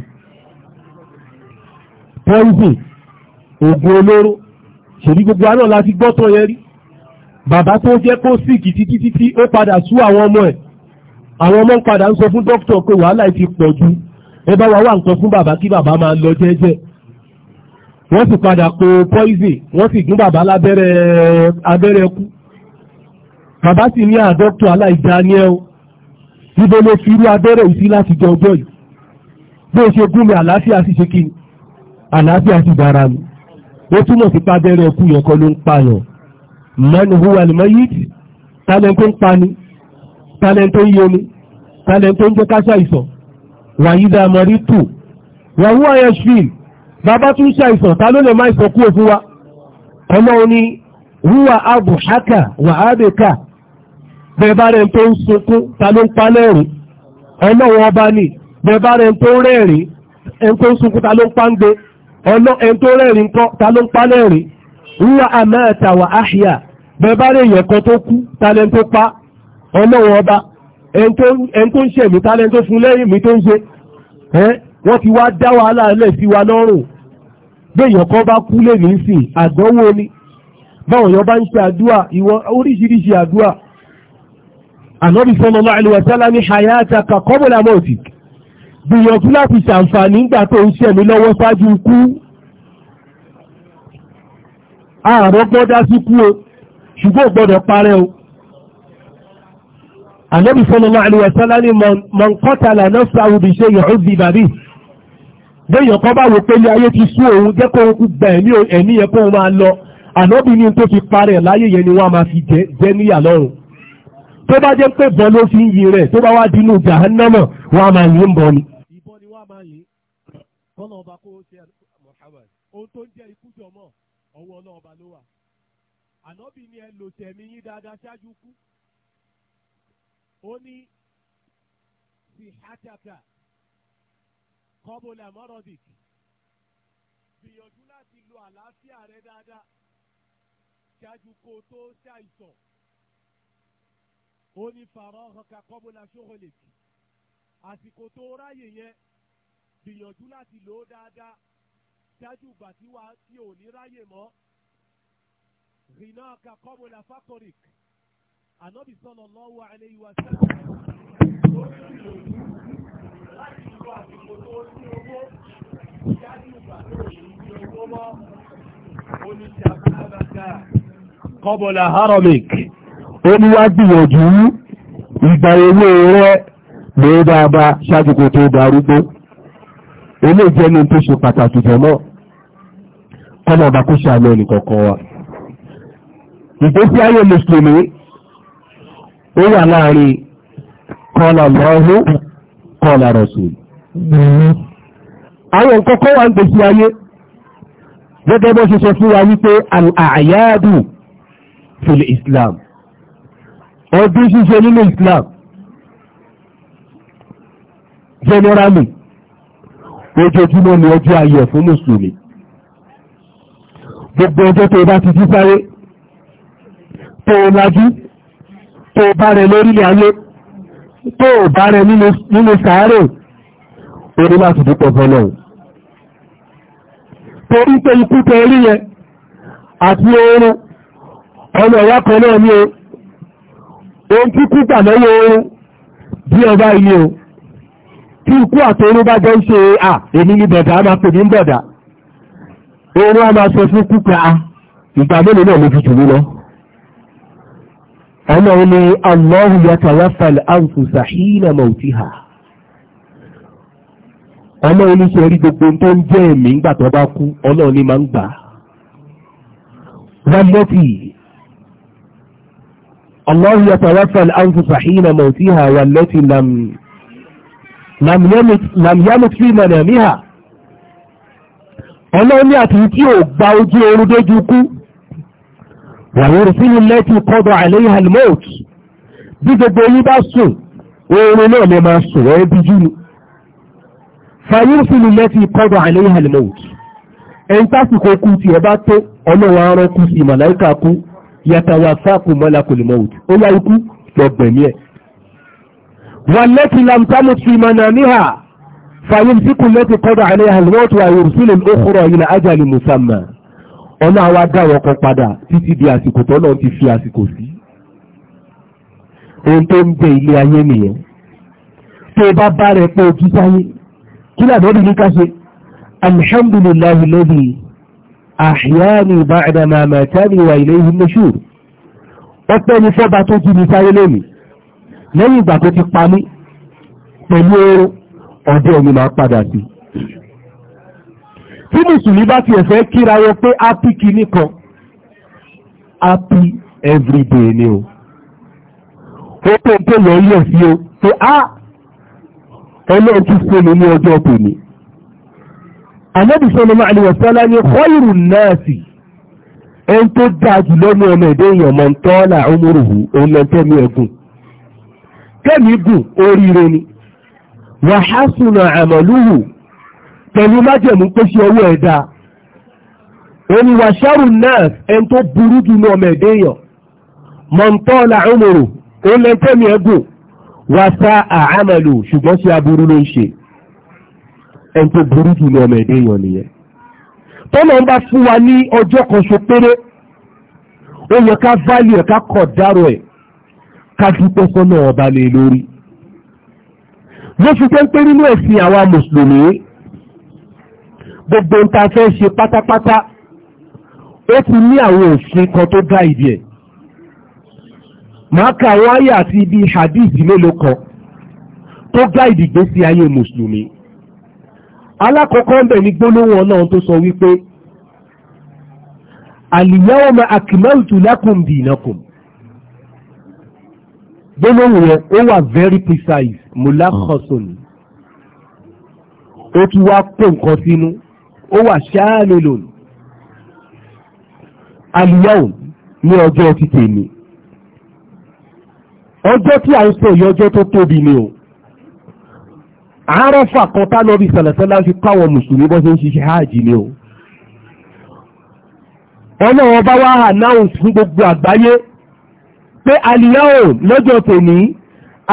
poison oògùn olóró ṣèlú gbogbo àná láti gbọ́tọ̀ yẹn rí bàbá tó jẹ́ kó síìkì títí títí ó padà sú àwọn ọmọ ẹ̀ àwọn ọmọ ń padà ń sọ fún dókítà pé wàhálà ti pọ̀ jù ẹ bá wa wá nǹkan fún bàbá kí bàbá máa lọ jẹ́jẹ́ wọ́n sì padà kó poison wọ́n sì gún bàbá lábẹ́rẹ́ abẹ́rẹ́ kú bàbá sì ní àdọ́tọ̀ ah, aláìdáníẹ́l ibo ló fi irú abẹ́rẹ́ yìí sí láti jẹ ọjọ́ yìí bí o ṣe gún mi àlàáfíà sì ṣe kí ni àlàáfíà sì dára mi ó túmọ̀ sí pábẹ́rẹ́ ẹkú yẹn kọ́ ló ń pààyàn man huwa al-mayyit talent tó ń pani talent tó ń yoni talent ń jẹ́ káṣá ìsọ̀ wàyídà mọ̀rítù wàwú ayẹ́sfìn bàbá tún ṣe àìsàn ta ló lè má ìsàn kú òfin wa ọlọ́run ni wúwà abùhákà wà ábẹ́kà bẹ́ẹ̀ bá rẹ̀ tó ń sunkún ta ló ń pa lẹ́rìn ọlọ́run ọba ni bẹ́ẹ̀ bá rẹ̀ tó ń rẹ́rìn ẹni tó ń sunkún ta ló ń pa ń gbé tó rẹ́rìn kọ́ ta ló ń pa lẹ́rìn wúwà àmẹ́ẹ̀tà wà áhíà bẹ́ẹ̀ rẹ̀ yẹ̀kan tó kú ta lẹ́ni tó pa ọlọ́run ọba ẹni tó ń ṣe mi tálẹ́ tó fún lẹ́yìn mi tó ń ṣe wọ́n ti wá dá wàhálà lẹ̀ sí wa lọ́rùn béèyàn kan bá kú lè ní sí àdánwò ni báwọn yọ bá ń ṣe àdúà ìwọ oríṣiríṣi àdúà ànábì sallallahu alaihi wa sallam ní hayataka qabla mautik gbìyànjú láti ṣàǹfààní nígbà tó ń ṣẹ̀mí lọ́wọ́ ṣáájú ikú ààrọ̀ gbọ́dá sí kú o ṣùgbọ́n gbọ́dọ̀ parẹ́ o ànábì sallallahu alaihi wasallam ní man qatala nafsahu bi shay'in udhiba bihi béèyàn kan bá wò pé ilé ayé ti sú òun jẹ́ kó òun gba ẹ̀mí ẹ̀mí yẹn kó òun máa lọ ànábì ní tó fi parẹ́ láyé yẹn ni wọ́n máa fi jẹ́ níyà lọ́rùn tó bá jẹ́ pé bọ́ ló fi ń yin rẹ̀ tó bá wá dínú jahannama wọ́n máa yin ń bọ̀ ni. ìbọn ni wọ́n máa yin ó ní sihataka kọ́bọ̀lá mọ́rọ́dìk gbìyànjú láti lo àlàáfíà rẹ dáadáa ṣáájú kó o tó ṣàìsàn ó ní farahaka kọ́bọ̀lá ṣóhólèk àsìkò tó ráyè yẹn gbìyànjú láti lò ó dáadáa ṣáájú ìgbà tí ò ní ráyè mọ́ rìnnà ka kọ́bọ̀lá fákọ̀rìk ànábì sọ́lọ̀ lọ́wọ́ alẹ́ ìwà sí Kọ́bọ̀lá Haramik, ó ní wá gbìyànjú ìgbà ewé rẹ̀ ló dáadáa ṣáájú kó tó darúgbó. Ilé ìjẹni tó ṣe pàtàkì jẹmọ́, kọ́nà ọba kó ṣàlọ́ ẹnìkọ̀ọ̀kan wa. Ìgbésí ayé Mùsùlùmí ó wà láàrin kọlà lọ́hún kọlà rọ̀sùn. àwọn nǹkan kọ́ wà ń gbèsè ayé gẹ́gẹ́ bó ṣe sọ fún wa wípé àyáàdù fil islam ọdún ṣíṣe nínú islam generally ojoojúmọ́ ni ọjọ́ ayọ̀ fún mùsùlùmí gbogbo ọjọ́ tó bá ti jí sáré tó lajú tó bá rẹ lórílẹ̀ ayé tó bá rẹ nínú sàárè orí láti dúpọ̀ fọ́lọ̀ torí pé ikú tẹ rí yẹn àti oorun ọmọ ẹ̀yà kan náà ní o ohun tí kú gbà lọ́wọ́ oorun bí ọba ilé o tí ikú àtọrún bá jẹ́ ń ṣe à èmi ní bẹ̀dà a máa pè ní bẹ̀dà oorun a máa sọ fún kúkà ìgbà mélòó náà ló fi jù mí lọ ọ̀nà ni Allahu yatawaffal anfusa hina mawtiha ọ̀nà ni ṣe rí gbogbo tó ń jẹ́ ẹ̀mí ńgbà tó bá kú ọ̀nà ni máa ń gbà wallati Allahu yatawaffal anfusa hina mawtiha wallati lam yamut fi manamiha ọ̀nà ni àti tí ò gba ojú orun dójú kú wàyúrù sínú lẹ́tí kọ́dọ̀ àlẹ́yìn almout bí gbogbo yí bá sùn oorun náà lè máa sùn ẹ́ bí jù ní fàyúrù sínú lẹ́tí kọ́dọ̀ àlẹ́yìn almout ẹni tásìkò kú ti ẹ bá tó ọlọ́wọ́ arán kú sí màláìka kú yàtàwà sáàkù mọ́lákùlì mọ́ut ó yá ikú lọ́gbẹ̀mí ẹ̀ ọlọ́run wá dá wọn kan padà títí di àsìkò tọ́lọ́ ti fi àsìkò sí ohun tó ń bẹ ilé ayé nìyẹn tó o bá bá rẹ pé o jíjá yé kí làbẹ́rì ní ká ṣe alhamdulillahi lẹ́bi ahyani ba'da ma matani wa ilayhi nushur ọpẹ́ ni fọ́ba tó jí mi sáyé lónìí lẹ́yìn ìgbà tó ti pa mí pẹ̀lú oorun ọ̀dọ̀ mi máa padà sí i tí mùsùlùmí bá ti ẹ̀fẹ́ kíra wọn pé happy kìíní kan happy everyday ni o ó pé tó lọ yẹ̀ sí o pé á ah, ọlọ́run tún fún mi ní ọjọ́ tòní Ànábì sallallahu alaihi wasallam ní khairun nasi ẹn tó dáa jù lọ́nu ọmọ ẹ̀dẹ́ èèyàn mọ̀ ń tọ́lá umuruhu òun lọ tẹ́mi ẹ̀gùn kẹ́mi gùn oríire ni wa hasuna pẹ̀lú májẹ̀mú pé ṣe owó ẹ̀dá oníwàṣàrù náà ẹni tó burú jù ní ọmọ ẹ̀dẹ́ èèyàn mọ̀ntọ́ọ̀là ọmọrò ó lẹ́tẹ̀mí ẹ̀gùn wá sá àhámàlò ṣùgbọ́n ṣe aburú ló ń ṣe ẹni tó burú jù ní ọmọ ẹ̀dẹ́ èèyàn nìyẹn ń bá fún wa ní ọjọ́ kan ṣo péré ó yẹ ká válì ẹ̀ ká kọ̀ dárò ẹ̀ ká dúpẹ́ sọ́nà ọba lè lórí lóṣù pé ń pé nínú ẹ̀sìn àwa mùsùlùmí gbogbo ń ta fẹ́ ṣe pátápátá ó ti ní àwọn òfin kan tó dá ìdí ẹ̀ máa ka àwọn àyà àti ibi hadith mélòó kan tó dá ìdìgbé sí ayé mùsùlùmí alákọ̀ọ́kọ́ ń bẹ̀ ní gbólóhùn ọlọ́run tó sọ wípé al-yawma akmaltu lakum dinakum gbólóhùn yẹn ó wà very precise mulakhkhasun ó tún wá pò nǹkan sínú ó wà ṣáàlélò àlìyáwò ní ọjọ́ ti tèmi ọjọ́ tí a ń sọ yìí ọjọ́ tó tóbi ni o àárọ̀fà kan tánàbí sàlẹ̀sẹ́lá fi káwọn mùsùlùmí bọ́ sí ń ṣiṣẹ́ hajj ni o ọlọ́wọ́ bá wá announce fún gbogbo àgbáyé pé àlìyáwò lọ́jọ́ tèmi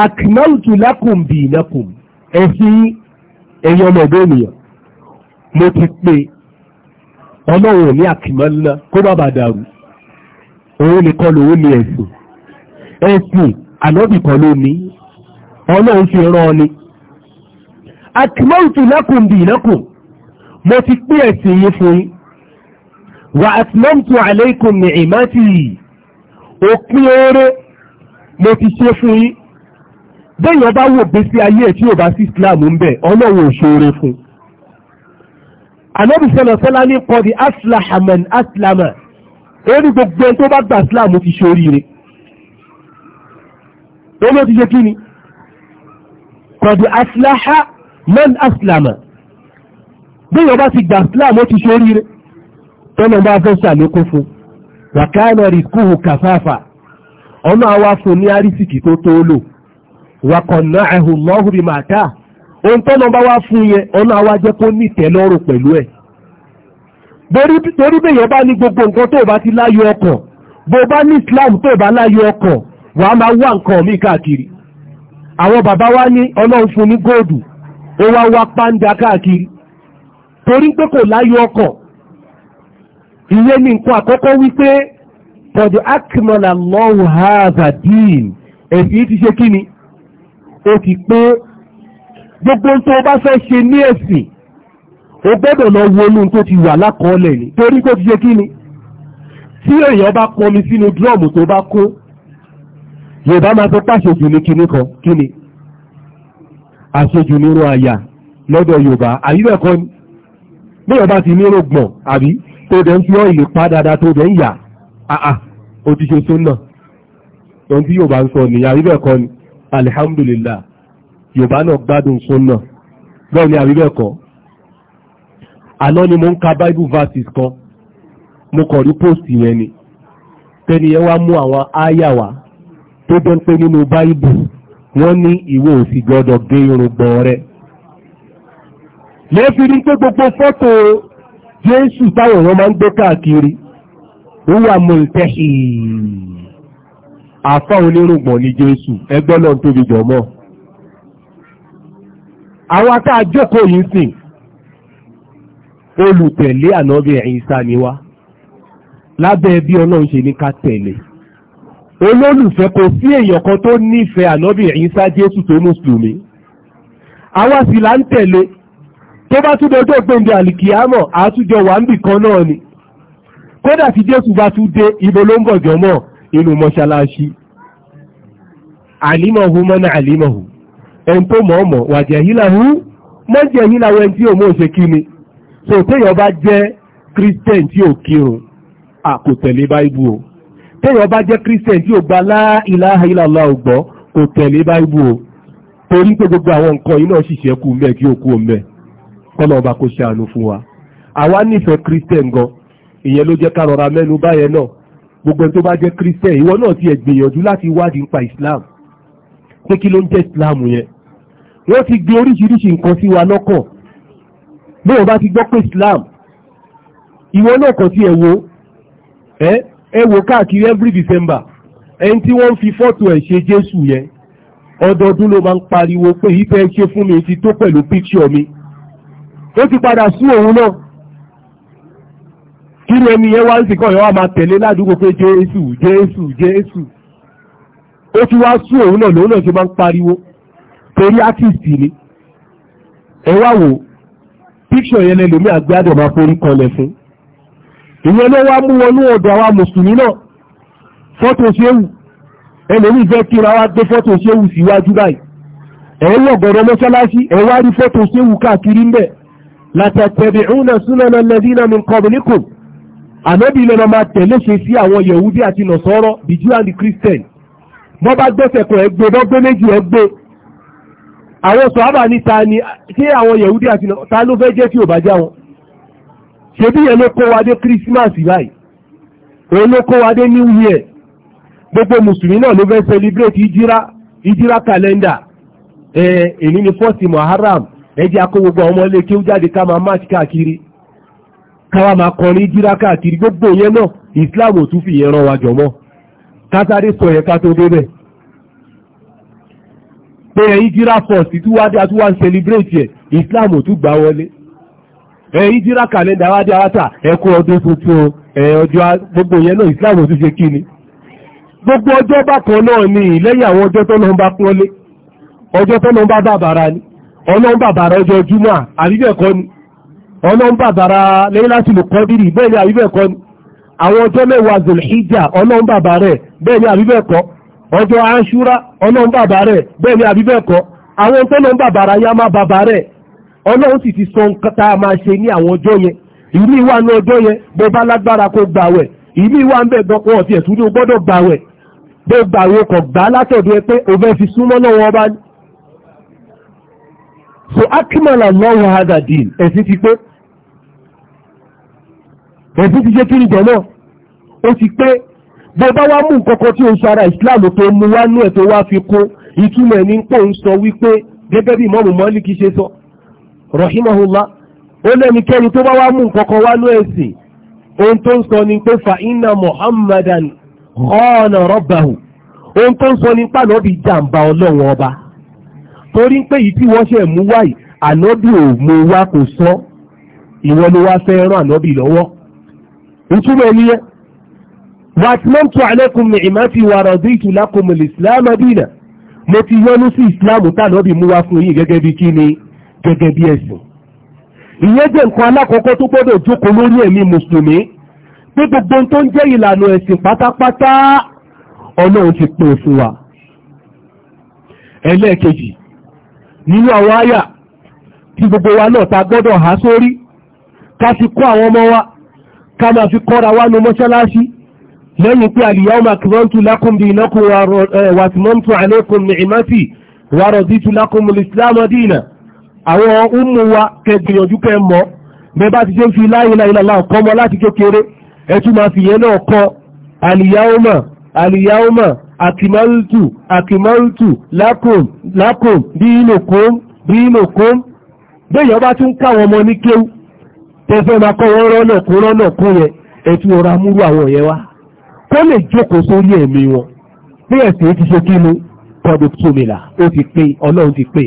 akmaltu lakum dinakum ẹ̀sìn ẹ̀yọ́mọ̀dé mo ti pè ọlọ́run ní àkìmọ́ ńlá kó má bàa dàrú òun ni lòun ní ẹ̀sìn ẹ̀sìn ànábì kan ló ọlọ́run ni mo ti pé ẹ̀sìn yìí fún yín wà àlẹ́kùn ní ìmátì yìí òpin mo ti ṣe fún yín bẹ́ẹ̀ yẹn bá wò gbèsè ayé ẹ̀ tí yóò bá sí Islam ń bẹ̀, ọlọ́run ò fún ànábì sọ̀rọ̀ sọ́lá ní kọ́dí aslahaman aslama ó ní gbogbo ẹni tó bá gba islam ti ṣe oríire ó ló ti ṣe kí ni kọ́dí aslahaman aslama bí ìwọ bá ti gba islam ó ti ṣe oríire tọ́nà bá fẹ́ ṣàlékún fún wàkánà rí kàfáfà ọ̀nà àwa fún ní àrísìkì tó tó lò wàkọ̀nà ẹ̀hùn mọ́hùrì màtáà ohun tó lọ bá wá fún yẹn ọlọ́ àwa jẹ́ kó nìtẹ́ lọ́rùn pẹ̀lú ẹ̀ torí gbogbo nǹkan tó bá ti láyọ̀ ọkàn bó bá ní Islam tó bá láyọ̀ ọkàn wàá máa wá nǹkan baba káàkiri àwọn bàbá wa ní ọlọ́run fún ní góòdù ó wá wá pàǹdà káàkiri torí pé kò ni nǹkan àkọ́kọ́ wípé bọ̀dọ̀ akimọ̀lá lọ́wọ́ hàzàdín ẹ̀sìn ti ṣe kí ni ó gbogbo tó o bá fẹ́ ṣe ní ẹ̀sìn o gbọ́dọ̀ lọ wo inú tó ti wà lákọọ́lẹ̀ ni torí kó ti ṣe kí ni tí èèyàn bá pọnmi sínú dúrọ́ọ̀mù tó bá kó yorùbá máa tó pàṣẹ ní kinní kan kí ni àṣejù nírú àyà lọ́dọ̀ yorùbá àyíbẹ̀ kọ́ ni bí yorùbá ti nírò gbọ̀n àbí tó dẹ̀ ń fi ọ́ìlì pa dáadáa tó dẹ̀ ń yà àà ó ti náà ohun tí yorùbá ń sọ nìyà àyíbẹ̀ kọ́ ni alihamdulillah yorùbá náà gbádùn súnà bẹ́ẹ̀ ni àríwẹ̀ kọ́ àná ni mo ń ka bible verses kan mo kọ̀ rí post yẹn ni tẹ́ni yẹn wá mú àwọn áyà wá tó jẹ́ pé nínú bible wọ́n ní ìwọ ò sì gbọ́dọ̀ gé irun gbọ̀n rẹ̀ lẹ́ẹ̀fi rí pé gbogbo fọ́tò jésù táwọn èèyàn máa ń gbé káàkiri ó wà mú ìtẹ́hìn àfáwọn onírùngbọ̀n ní jésù ẹgbẹ́ náà tóbi jọ̀mọ́ àwọn atá àjókòó yìí sìn olùtẹ̀lé ànábì Ìsá ni wá lábẹ́ bí ọlọ́run ṣe ní ká tẹ̀lé olólùfẹ́ kò sí èèyàn kan tó nífẹ̀ẹ́ ànábì Ìsá Jésù tó mùsùlùmí àwa sì là ń tẹ̀lé tó bá tún dọjọ́ gbòǹde àlìkìyámọ̀ àtújọ wà ń bì kan náà ni kódà tí Jésù bá tún dé ibo ló ń bọ̀ jọmọ́ inú mọ́ṣáláṣí àlímọ̀hu mọ́nà àlímọ̀hu ẹni tó mọ̀ ọmọ wàjẹ̀ yìí làwú mọ́jẹ̀ yìí làwọ ẹni tí òun ò ṣe kí ni so téèyàn bá jẹ́ christian tí ò kírun kò tẹ̀lé báíbù o téèyàn bá jẹ́ christian tí ò gba la ilaha illallah ò gbọ́ kò tẹ̀lé báíbù o torí pé gbogbo àwọn nǹkan yìí náà ṣìṣẹ́ kú mbẹ́ kí ó kú mbẹ́ kọ́nà ọba kò ṣàánú fún wa àwa nífẹ̀ẹ́ christian gan ìyẹn ló jẹ́ ká rọra mẹ́nu báyẹn náà gbogbo ẹni tó bá jẹ́ christian ìwọ náà ti ẹ̀ gbìyànjú láti wádìí nípa islam pé kí ló ń jẹ́ islam yẹn wọ́n ti gbé oríṣiríṣi nǹkan sí wa lọ́kàn bí wọ́n bá ti gbọ́ pé Islam ìwọ náà kàn sí ẹ̀wò ẹ wò káàkiri every December ẹni tí wọ́n ń fi fọ́tò ẹ̀ ṣe Jésù yẹn ọdọọdún ló máa ń pariwo pé yìí fẹ́ ṣe fún mi ti tó pẹ̀lú píkṣọ mi ó ti padà sú òun náà kí ni ẹni yẹn wá ń sìnkọ́ yẹn wá máa tẹ̀lé ládùúgbò pé Jésù Jésù Jésù ó ti wá sú òun náà lòun náà ṣe máa ń pariwo torí ákìsì ni ẹ wá wò píṣọ̀ yẹn lẹ́lòmí àgbàdo máa forí kanlẹ̀ fún ìyẹn ló wá mú wọnú ọ̀dọ̀ àwa mùsùlùmí náà fọ́tò ṣéwù ẹlòmí fẹ́ kíra wá gbé fọ́tò ṣéwù síwájú báyìí ẹ̀ ń wọ̀gọ̀rọ̀ mọ́ṣáláṣí ẹ̀ wá rí fọ́tò ṣéwù káàkiri ń bẹ̀ látàtẹ̀bìrúnà súnlọ́nà lẹ́dínà min kọ̀bìníkùn ànábì lọ́nà máa tẹ̀lé ṣe sí àwọn yẹ̀wúdí àti nọ̀sọ́rọ́ the Jew and bọ́ bá gbẹ́sẹ̀ ẹgbẹ́ bọ́ gbé méjì ẹgbẹ́ àwọn sọ̀hábà ní ta ni tí àwọn yẹ̀húdí àti ta ló fẹ́ jẹ́ tí ò bá já wọn ṣe bí yẹn ló wa dé Christmas báyìí òun ló kó wa dé New Year gbogbo mùsùlùmí náà ló fẹ́ celebrate ìjírá ìjírá calendar ẹ̀ èmi ni fọ́ọ̀sì Muharram ẹ jẹ́ akó gbogbo ọmọ ilé kí ó jáde ká máa march káàkiri káwa máa kọrin ìjírá káàkiri gbogbo yẹn náà Islam ò fi yẹn rán wa jọ̀mọ́ kátàdé sọ yẹn ká tó débẹ̀ pé ìjírá fọ́ọ̀sì tí wádìí àti wá ń celebrate ẹ̀ Islam ò tún gbà wọlé wádìí àwátà ọdún tuntun ọjọ́ gbogbo yẹn náà Islam ò tún ṣe kíni gbogbo ọjọ́ bákan náà ni lẹ́yìn àwọn ọjọ́ tó lọ bá pọ́nlé ọjọ́ tó lọ bá bàbàrà ni bàbàrà ọjọ́ júmọ́ ni ni ni àwọn ọjọ́ ọjọ́ aṣúra ọlọ́run bàbá rẹ̀ bẹ́ẹ̀ ni àwọn tó bàbá ara yá máa bàbá rẹ̀ ọlọ́run sì ti sọ a máa ṣe ní àwọn ọjọ́ yẹn ìlú ìwà ní ọjọ́ yẹn bó bá lágbára kó gbàwẹ̀ ìlú ìwà ń bẹ̀ o gbọ́dọ̀ gbàwẹ̀ bó gbàwẹ̀ kọ̀ gbà látọ̀dọ̀ ẹ pé so akimala lọ́wọ́ hadadin ẹ̀sìn ti pé ẹ̀sìn ti ṣe jọ náà ó ti bó bá wá mú nǹkankan tí o ń sara islam tó mú wá ní ẹ̀ tó wá fi kó ìtumọ̀ ní pò ń sọ wípé gẹ́gẹ́ bí Ìmáàmù Málíkì ṣe sọ rahimahullah ó lẹ́nikẹ́ni tó bá wá mú nǹkankan wá ní ẹ̀sìn ohun tó ń sọ ni pé fa muhammadan khana rabbahu ohun tó ń sọ ni pé ànábì jàǹbá ọlọ́run ọba torí pé yìí tí wọ́n ṣe mú wáyìí ànábì ò mú wá kò sọ ìwọ ló wá fẹ́ rán ànábì lọ́wọ́ ìtumọ̀ ẹni wàtímọ́tò alẹ́kùn mìíràn ti wà rọ̀dí ìtùlákùnmù ìsìláàmù dínà mo ti yọ́nú sí ìsìláàmù tàbí mú wá fún yín gẹ́gẹ́ bí kí ni gẹ́gẹ́ bí ẹ̀sìn ìyẹn jẹ́ nǹkan alákọ̀ọ́kọ́ tó gbọ́dọ̀ jókòó lórí ẹ̀mí mùsùlùmí pé gbogbo tó ń jẹ́ ìlànà ẹ̀sìn pátápátá ọlọ́run ti pè fún wa ẹlẹ́ẹ̀kejì nínú àwọn àyà tí gbogbo wa náà ta gbọ́dọ̀ há sórí ká ti kọ́ àwọn ọmọ wa ká máa fi kọ́ra wa nu mọ́ṣáláṣí lẹ́yìn pé al-yawma akmaltu lakum dinakum wa atmamtu alaykum ni'mati wa raditu lakum al-islama dina àwọn ọmọ wa kẹgbìyànjú kẹ mọ́ bẹ́bá ti jẹ́ fi la ilaha illallah kọ́ mọ́ láti kékeré ẹtù máa fi yẹn náà kọ́ al-yawma al-yawma akmaltu akmaltu lakum lakum dinakum dinakum bẹ́yàn bá kó lè jókòó sórí ẹ̀mí wọn bí ẹ̀sìn ti ṣe kínú tọdún tómìlà ó ti pé ọlọ́run ti pé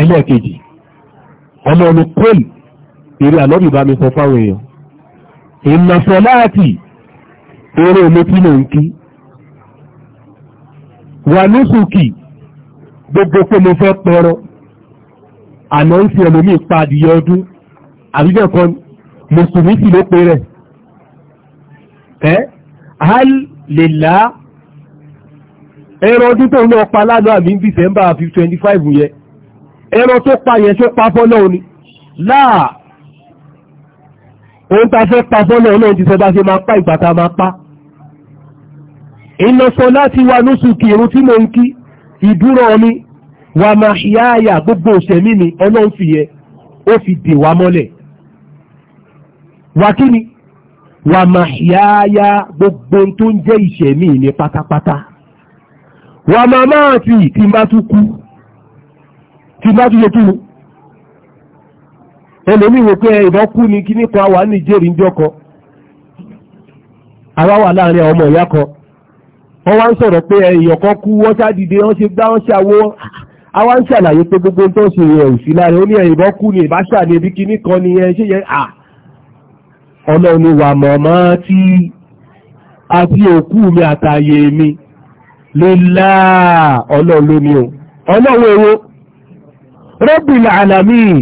ẹlẹ́ẹ̀kejì ọlọ́run kọ́lù eré àlọ́bì bá mi sọ fáwọn èèyàn ìmọ̀sọ̀ láàtì eré omi tí mò ń kí wà lóṣùkì gbogbo pé mo fẹ́ pẹ̀rọ àná ń fi ẹlòmíì pa adìyẹ ọdún àbíjẹ̀kọ́ mùsùlùmí sì ló pe rẹ̀ ẹ́ hal lillah ẹran ọdún tó ń lọ pa lánàá àmì December twenty five yẹn ẹran tó pa yẹn tó pa fọ́lọ́ ni láà ohun tá a fẹ́ pa fọ́lọ́ náà ti sọ bá ṣe máa pa ìgbà tá a máa pa ìlọsọ láti wà lóṣù kìrún tí mo ń kí ìdúró mi wà máa ṣíyáyà gbogbo òṣèmí mi ọlọ́run fi yẹ ó fi dè wá mọ́lẹ̀ wà kí ni wà màhíyáyá gbogbo tó ń jẹ́ ìṣẹ̀mí ní pátápátá wà máa máa ti tí bá tún kú tí bá tún yẹ ẹlòmí wò pé ìbọn kú ni kí nípa wà ní ìjẹ́rìí jọkọ àwa wà láàrin àwọn ọmọ ìyá kan wọ́n wá ń sọ̀rọ̀ pé èèyàn kú wọ́n ṣá wọ́n ṣe gbá wọ́n ṣe àwo àwa ń ṣàlàyé pé gbogbo tó ń ṣe ìrẹ̀ òsì láàrin ó ní ìbọn kú ni ìbáṣà ni ibi kíní kan ni ẹ ṣe yẹn à ọlọ́run ni wà mọ̀mọ́ tí àti òkú mi àtàyè mi lílá ọlọ́run ló ní o ọlọ́run èrò Rabbil Alamin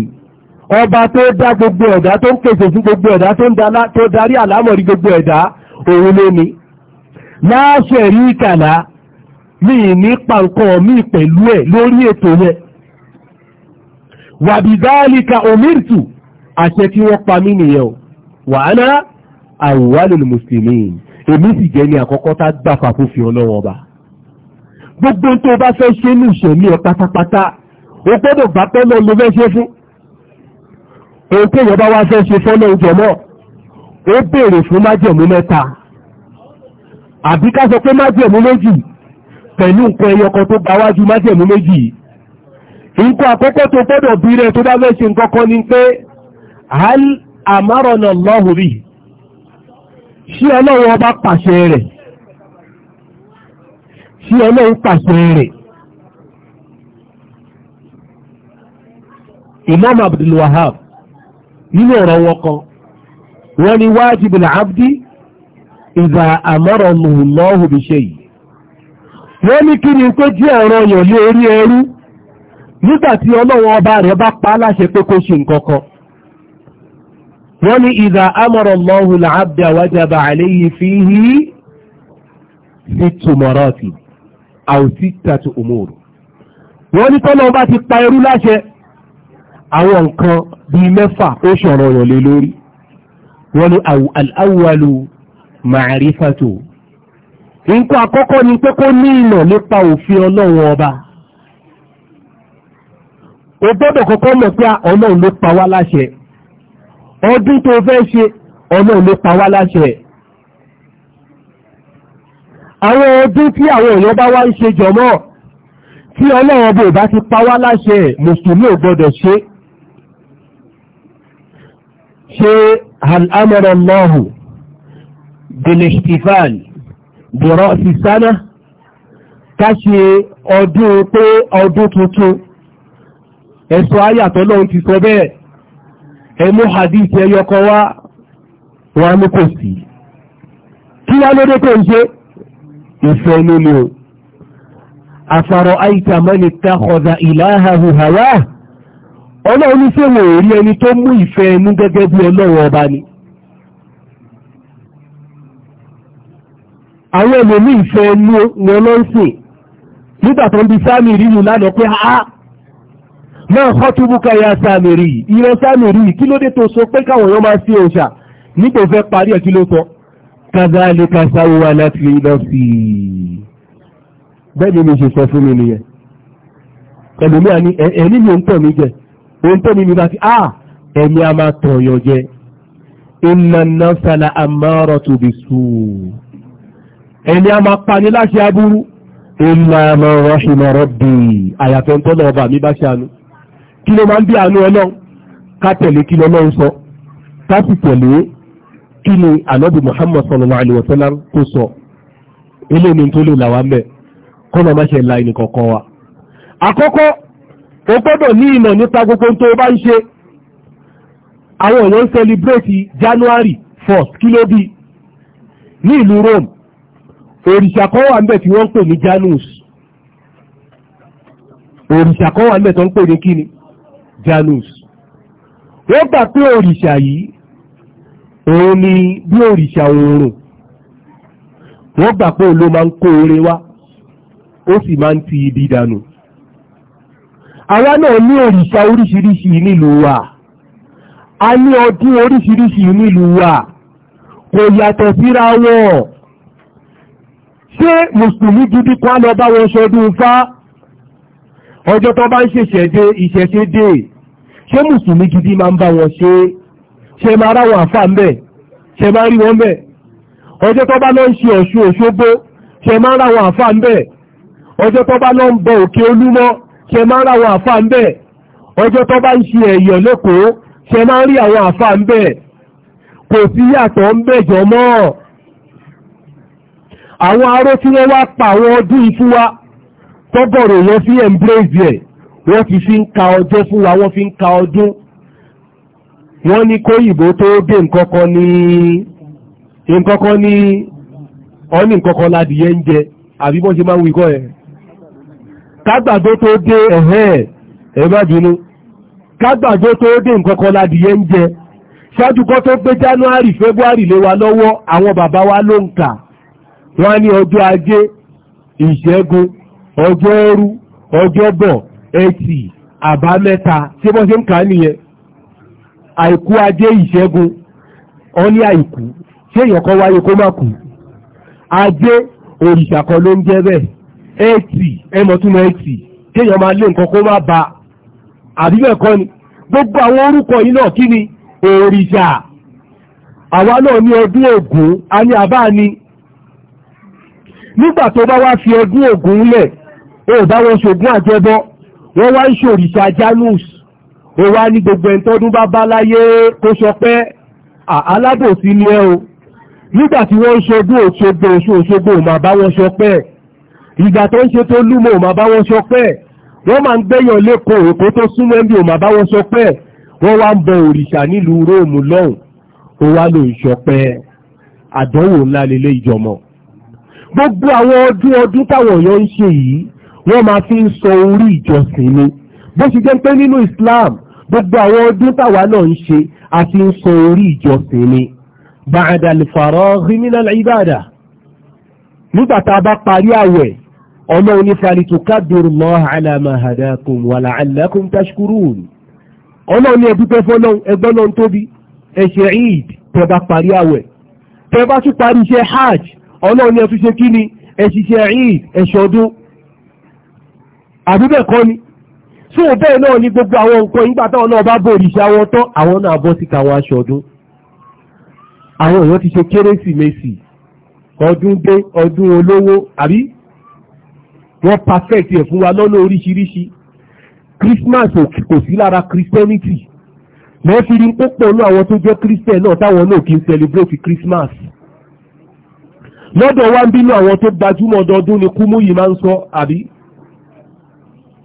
ọba tó dá gbogbo ẹ̀dá tó ń pèsè fún gbogbo ẹ̀dá tó darí àlámọ̀rí gbogbo ẹ̀dá òun ló ní láàṣẹ ìkàlá mi ní pàǹkan mi pẹ̀lú ẹ̀ lórí ètò yẹn wàbìdálíkà omirtu àṣẹ tí wọ́n pa mí nìyẹn o wa ana awwalul muslimin èmi sì jẹ́ ní àkọ́kọ́ tá gbàfà fòfin ọlọ́wọ́ ọba gbogbo tó bá fẹ́ ṣe ní ìṣẹ̀lẹ̀ ẹ pátápátá ó gbọ́dọ̀ bá pẹ́ lọ ló fẹ́ ṣe fún ohun tí èèyàn bá wá fẹ́ ṣe fọ́nà ìjọmọ́ ó béèrè fún májẹ̀mú mẹ́ta àbí ká sọ pé májẹ̀mú méjì pẹ̀lú nǹkan ẹyọ kan tó gbáwájú májẹ̀mú méjì nǹkan àkọ́kọ́ tó gbọ́dọ̀ bí rẹ̀ tó bá fẹ́ ṣe nǹkan kan ni pé àmárọ̀nà lọ́hùrí ṣí ọlọ́wọ́ ọba pàṣẹ rẹ̀ ṣí ọlọ́wọ́ pàṣẹ rẹ̀ imam abdulwahab nínú ọ̀rọ̀ wọn kan wọ́n ní wájibul abdi ìgbà ṣe yìí wọ́n ní kí ni pé jẹ́ ọ̀rọ̀ ẹrú nígbàtí ọba rẹ̀ bá pa láṣẹ pé kó wọ́n ní ìdá amọ̀rọ̀ Allahu al-abda wajaba alayhi fihi sittu marati aw sittatu umur wọ́n ní tọ́lọ́ bá ti pa ẹrú láṣẹ àwọn nǹkan bíi mẹ́fà ó ṣọ̀rọ̀ ọ̀rọ̀ lé lórí wọ́n ní al-awwalu nǹkan àkọ́kọ́ ni pé kó ní ìmọ̀ nípa òfin ọlọ́run ọba o gbọ́dọ̀ kọ́kọ́ mọ̀ pé ọlọ́run ló pa wá láṣẹ ọdún tó fẹ́ ṣe ọlọ́run ló pa wá láṣẹ ẹ̀ àwọn ọdún tí àwọn èèyàn bá wá ń ṣe jọmọ́ tí ọlọ́run bò bá ti pa wá láṣẹ ẹ̀ mùsùlùmí ò gbọdọ̀ ṣe ṣe al'amara allahu bilishtifal bọ̀rọ̀ sísánà ká ṣe ọdún pé ọdún tuntun ẹ̀sọ́ ayàtọ̀ lọ́run ti sọ bẹ́ẹ̀ ẹ mú ẹyọkọ wá wọn ní kò sí kí wá lóde tó ń ṣe ìfẹ́ nínú o àfàrọ̀ mẹ́ni takọ̀dà ìlàhàhù hàwá ọlọ́run ní sẹ́wọ̀n ẹni tó mú ìfẹ́ ẹnu gẹ́gẹ́ bí ọlọ́run ọba ni àwọn Ma khatubuka ya Samiri ìrẹ Samiri kí ló dé tó sọ pé káwọn èèyàn máa sí òòṣà nígbò fẹ́ parí ẹ̀ kí ló sọ kadhalika sawwalat li nafsi bẹ́ẹ̀ni mi ṣe sọ fún mi nìyẹn ẹlòmí àní ẹ̀ẹ́ní mi ò ń tọ̀ mí jẹ òun tó mi mi bá ti ah ẹ̀mí a máa tọ̀ ọ̀yọ̀ jẹ inna an-nafsa la ammaratu bis-su' ẹ̀mí a máa pani láṣẹ aburú illa man rahima àyàfẹ́ ń tọ́lọ̀ ọba mi bá ṣàánú kí ló máa ń bí àánú ọlọ́run ká tẹ̀lé kí lọ́lọ́run sọ ká sì tẹ̀lé kí ni ànábì Muhammad sallallahu alaihi wasallam kó sọ ilé ni tó lè là wá mẹ́ kọ́nà má ṣe la ẹnì kọ̀ọ̀kan wa. àkọ́kọ́ o gbọ́dọ̀ ní ìmọ̀ nípa gbogbo tó o bá ń ṣe àwọn èèyàn ń sẹlibrétì January 1st kí ló bí ní ìlú Rome òrìṣà kan wà níbẹ̀ tí wọ́n ń pè ní Janus òrìṣà kan wà níbẹ̀ tó ń pè ní kíni janus wọ́n gbà pé òrìṣà yìí òun ni bí òrìṣà oòrùn wọ́n gbà pé òun ló máa ń kó oore wá ó sì máa ń ti ibi dànù àwa náà ní òrìṣà oríṣiríṣi nílùú wa a ní ọdún oríṣiríṣi nílùú wa kò yàtọ̀ síra wọn ṣé mùsùlùmí gidi kan lọ bá wọn ṣọdún fá ọjọ́ tó bá ń ṣẹ̀ṣẹ̀ dé ìṣẹ̀ṣẹ̀ dé ṣé mùsùlùmí gidi máa ń bá wọn ṣe ṣe máa ráwọn àfà ń bẹ̀ ṣe máa rí wọn bẹ̀ ọjọ́ tó bá lọ ń ṣe ọ̀ṣun òṣogbo ṣe máa ráwọn àfà ń bẹ̀ ọjọ́ tó bá lọ bọ òkè olúmọ ṣe máa ráwọn àfà ń ọjọ́ tó bá ń ṣe ẹ̀yọ̀ lẹ́kọ̀ọ́ ṣe máa rí àwọn àfà ń kò sí yàtọ̀ ń bẹ̀ jọ mọ́ àwọn aró tí wọ́n wá pa àwọn ọdún ìfúwa tọ́gọ̀rọ̀ yẹn fi embrace ẹ̀ wọ́n fi fi ń ka ọjọ́ fún wa wọ́n fi ń ka ọdún wọ́n ní ìbò tó dé nkankan ní nkankan ní ọ́nì nkankan ládìyẹ ń jẹ àbí bọ́n ṣe máa ń wí ẹ̀ tó dé ẹ̀hẹ́ ẹ̀ má tó dé nkankan ládìyẹ ń jẹ ṣáájú ẹtì àbámẹ́ta tí wọ́n ṣe ń kà á nìyẹn àìkú ajé ìṣẹ́gun wọ́n ní àìkú ṣé èèyàn kan wáyé kó má kú ajé òrìṣà kan ló ń jẹ́ bẹ́ẹ̀ ẹtì ẹmọ̀túnmọ̀ ẹtì kí èèyàn máa lé nǹkan kó má ba àbí bẹ́ẹ̀ kọ́ ni gbogbo àwọn orúkọ yìí náà kí ni òrìṣà àwa náà ní ọdún Ògún a ní àbá ni nígbà tó bá wá fi ọdún Ògún lẹ̀ ó bá wọn ṣògùn àjẹbọ wọ́n wá ń ṣòrìṣà Janus ó wá ní gbogbo ẹni tọ́dún bá bá láyé kó sọ pé aládòsí ni ẹ o nígbà tí wọ́n ń ṣogún òṣogbo òṣogbo ò máa bá wọn sọ pé ìgbà tó ń ṣe tó lúmọ̀ ò máa bá wọn sọ pé wọ́n máa ń gbẹ́yàn lẹ́kọ̀ọ́ èkó tó súnmọ́ ẹ̀mí ò máa bá wọn sọ pé wọ́n wá ń bọ òrìṣà nílùú róòmù lọ́hùn ó wá lò ìṣọpẹ́ àdánwò ńlá lélẹ́ ìjọmọ̀ gbogbo àwọn ọdún ọdún táwọn èèyàn ń ṣe yìí wọ́n máa fi ń sọ orí ìjọsìn ni bó ṣe jẹ́ pé nínú Islam gbogbo àwọn ọdún táwa náà ń ṣe a fi ń sọ orí ìjọsìn ni bàdà lìfàrọ́ rímínàlá ìbàdà nígbà tá a bá parí àwẹ̀ ọmọ onífàlìtò kádùrù mọ́ àlàmà àdàkùn wà làálàkùn tashkurun ọmọ ní ẹdúpẹ́ fọ́lọ́n ẹgbọ́n náà tóbi ẹ̀ṣẹ̀ eid tẹ́ bá parí àwẹ̀ tẹ́ bá tún parí iṣẹ́ hajj ọlọ́run ní ẹ kíni ẹ̀ṣiṣẹ́ eid ẹ̀ṣọ́dún àbí bẹ́ẹ̀ kọ́ ni tí ò bẹ́ẹ̀ náà ní gbogbo àwọn nǹkan nígbà táwọn náà bá bòrì ṣe àwọn tán àwọn náà bọ́ síta àwọn aṣọ ọdún àwọn èèyàn ti ṣe kérésìmesì ọdún dé ọdún olówó àbí wọ́n perfect ẹ̀ fún wa lọ́nà oríṣiríṣi Christmas kò sí lára Christianity wọ́n fi rí púpọ̀ ní àwọn tó jẹ́ Christian náà táwọn náà kì í celebrate Christmas lọ́dọ̀ wa ń bínú àwọn tó gbajúmọ̀ ọdọọdún ni kúmú yìí máa ń sọ àbí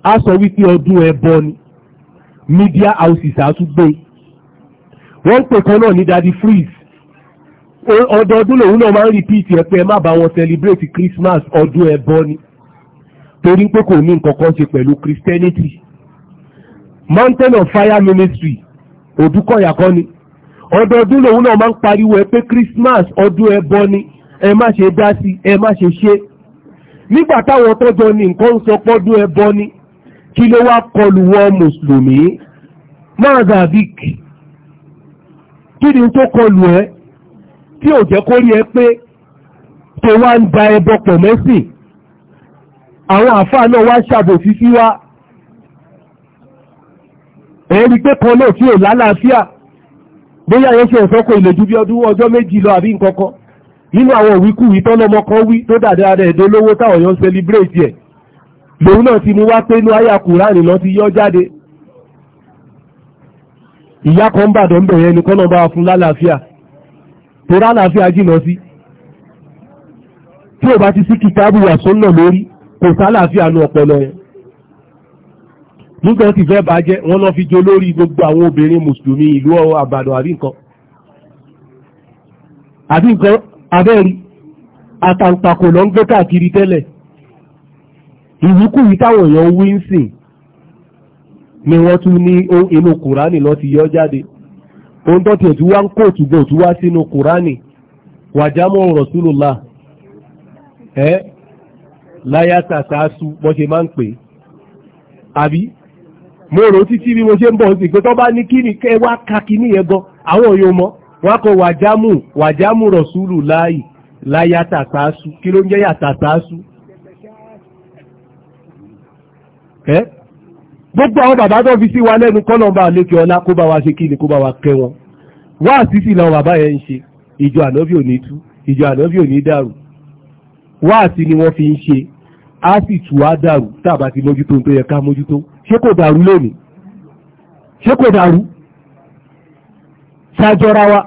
a sọ wípé ọdún ẹbọ ni media houses àtúgbé wọ́n ń pè kan náà ní daddy freeze ọdọọdún lòun náà máa ń repeat ẹ pé ẹ má bá wọn celebrate Christmas ọdún ẹbọ ni torí pé kò ní nǹkan kan ṣe pẹ̀lú Christianity Mountain of Fire Ministry òdúkọ̀yà kan ni ọdọọdún lòun náà máa ń pariwo ẹ pé Christmas ọdún ẹbọ ni ẹ má ṣe dá sí ẹ má ṣe ṣe nígbà táwọn tọ́jọ ní nǹkan ń sọ pọ́dún ẹbọ ni kí ló wá kọlù wọ mùsùlùmí mazabik kí ni tó kọlù ẹ tí ò jẹ́ kó rí ẹ pé tó wá ń da ẹbọ pọ̀ mẹ́sìn àwọn àfáà náà wá ṣàbòsí sí wa ẹ̀rí pé kan náà tí ò lálàáfíà bóyá yẹn ṣe ìsọ́kọ̀ ìlòjú bí ọdún ọjọ́ méjì lọ àbí nǹkan kan nínú àwọn òwíkúwí tọ́lọ́mọ kan wí tó dàdáadẹ́ ìdólówó táwọn yọ ń celebrate ẹ̀ lòun náà ti mú wá pé inú àyà kùránì lọ ti yọ jáde ìyá kan bàdàn bẹ̀rẹ̀ ẹni kọ́nà bá fún lálàáfíà tó lálàáfíà jìnà sí tí ò bá ti sí kìtàbù wàsán náà lórí kò sálàáfíà nu ọpọlọ yẹn nígbà tí fẹ́ bàjẹ́ wọn lọ fi jó lórí gbogbo àwọn obìnrin mùsùlùmí ìlú àbàdàn àbí nǹkan àbí nǹkan abẹ́rí àtàǹpàkò lọ ń gbé káàkiri tẹ́lẹ̀ ìwúkúwí táwọn èèyàn wí ni wọ́n tún ní inú kùránì lọ ti yọ jáde ohun tó tí wá ń kó tùgbọ̀ tí wá sínú kùránì wàjámọ̀ Rasulullah ẹ́ láyàtà sáásù bọ́ ṣe máa ń pè àbí mo rò títí bí mo ṣe ń bọ̀ sí pé gan àwọn òye mọ́ kọ wàjámù wàjámù láyàtà sáásù kí ló ń jẹ́ yàtà ẹ́ gbogbo àwọn bàbá tó fi sí wa lẹ́nu kọ́lọ̀mbà lékè ọlá kó bá wa ṣe kí ni kó bá wa kẹ́ wọn wá àṣìṣì làwọn bàbá yẹn ń ṣe ìjọ ànábì ò ní tú ìjọ ànábì ò ní dàrú wá àṣì ni wọ́n fi ń ṣe á sì tù á dàrú tàbá ti mójútó tó yẹ ká mójútó ṣé kò dàrú lónìí ṣé kò dàrú ṣàjọra wa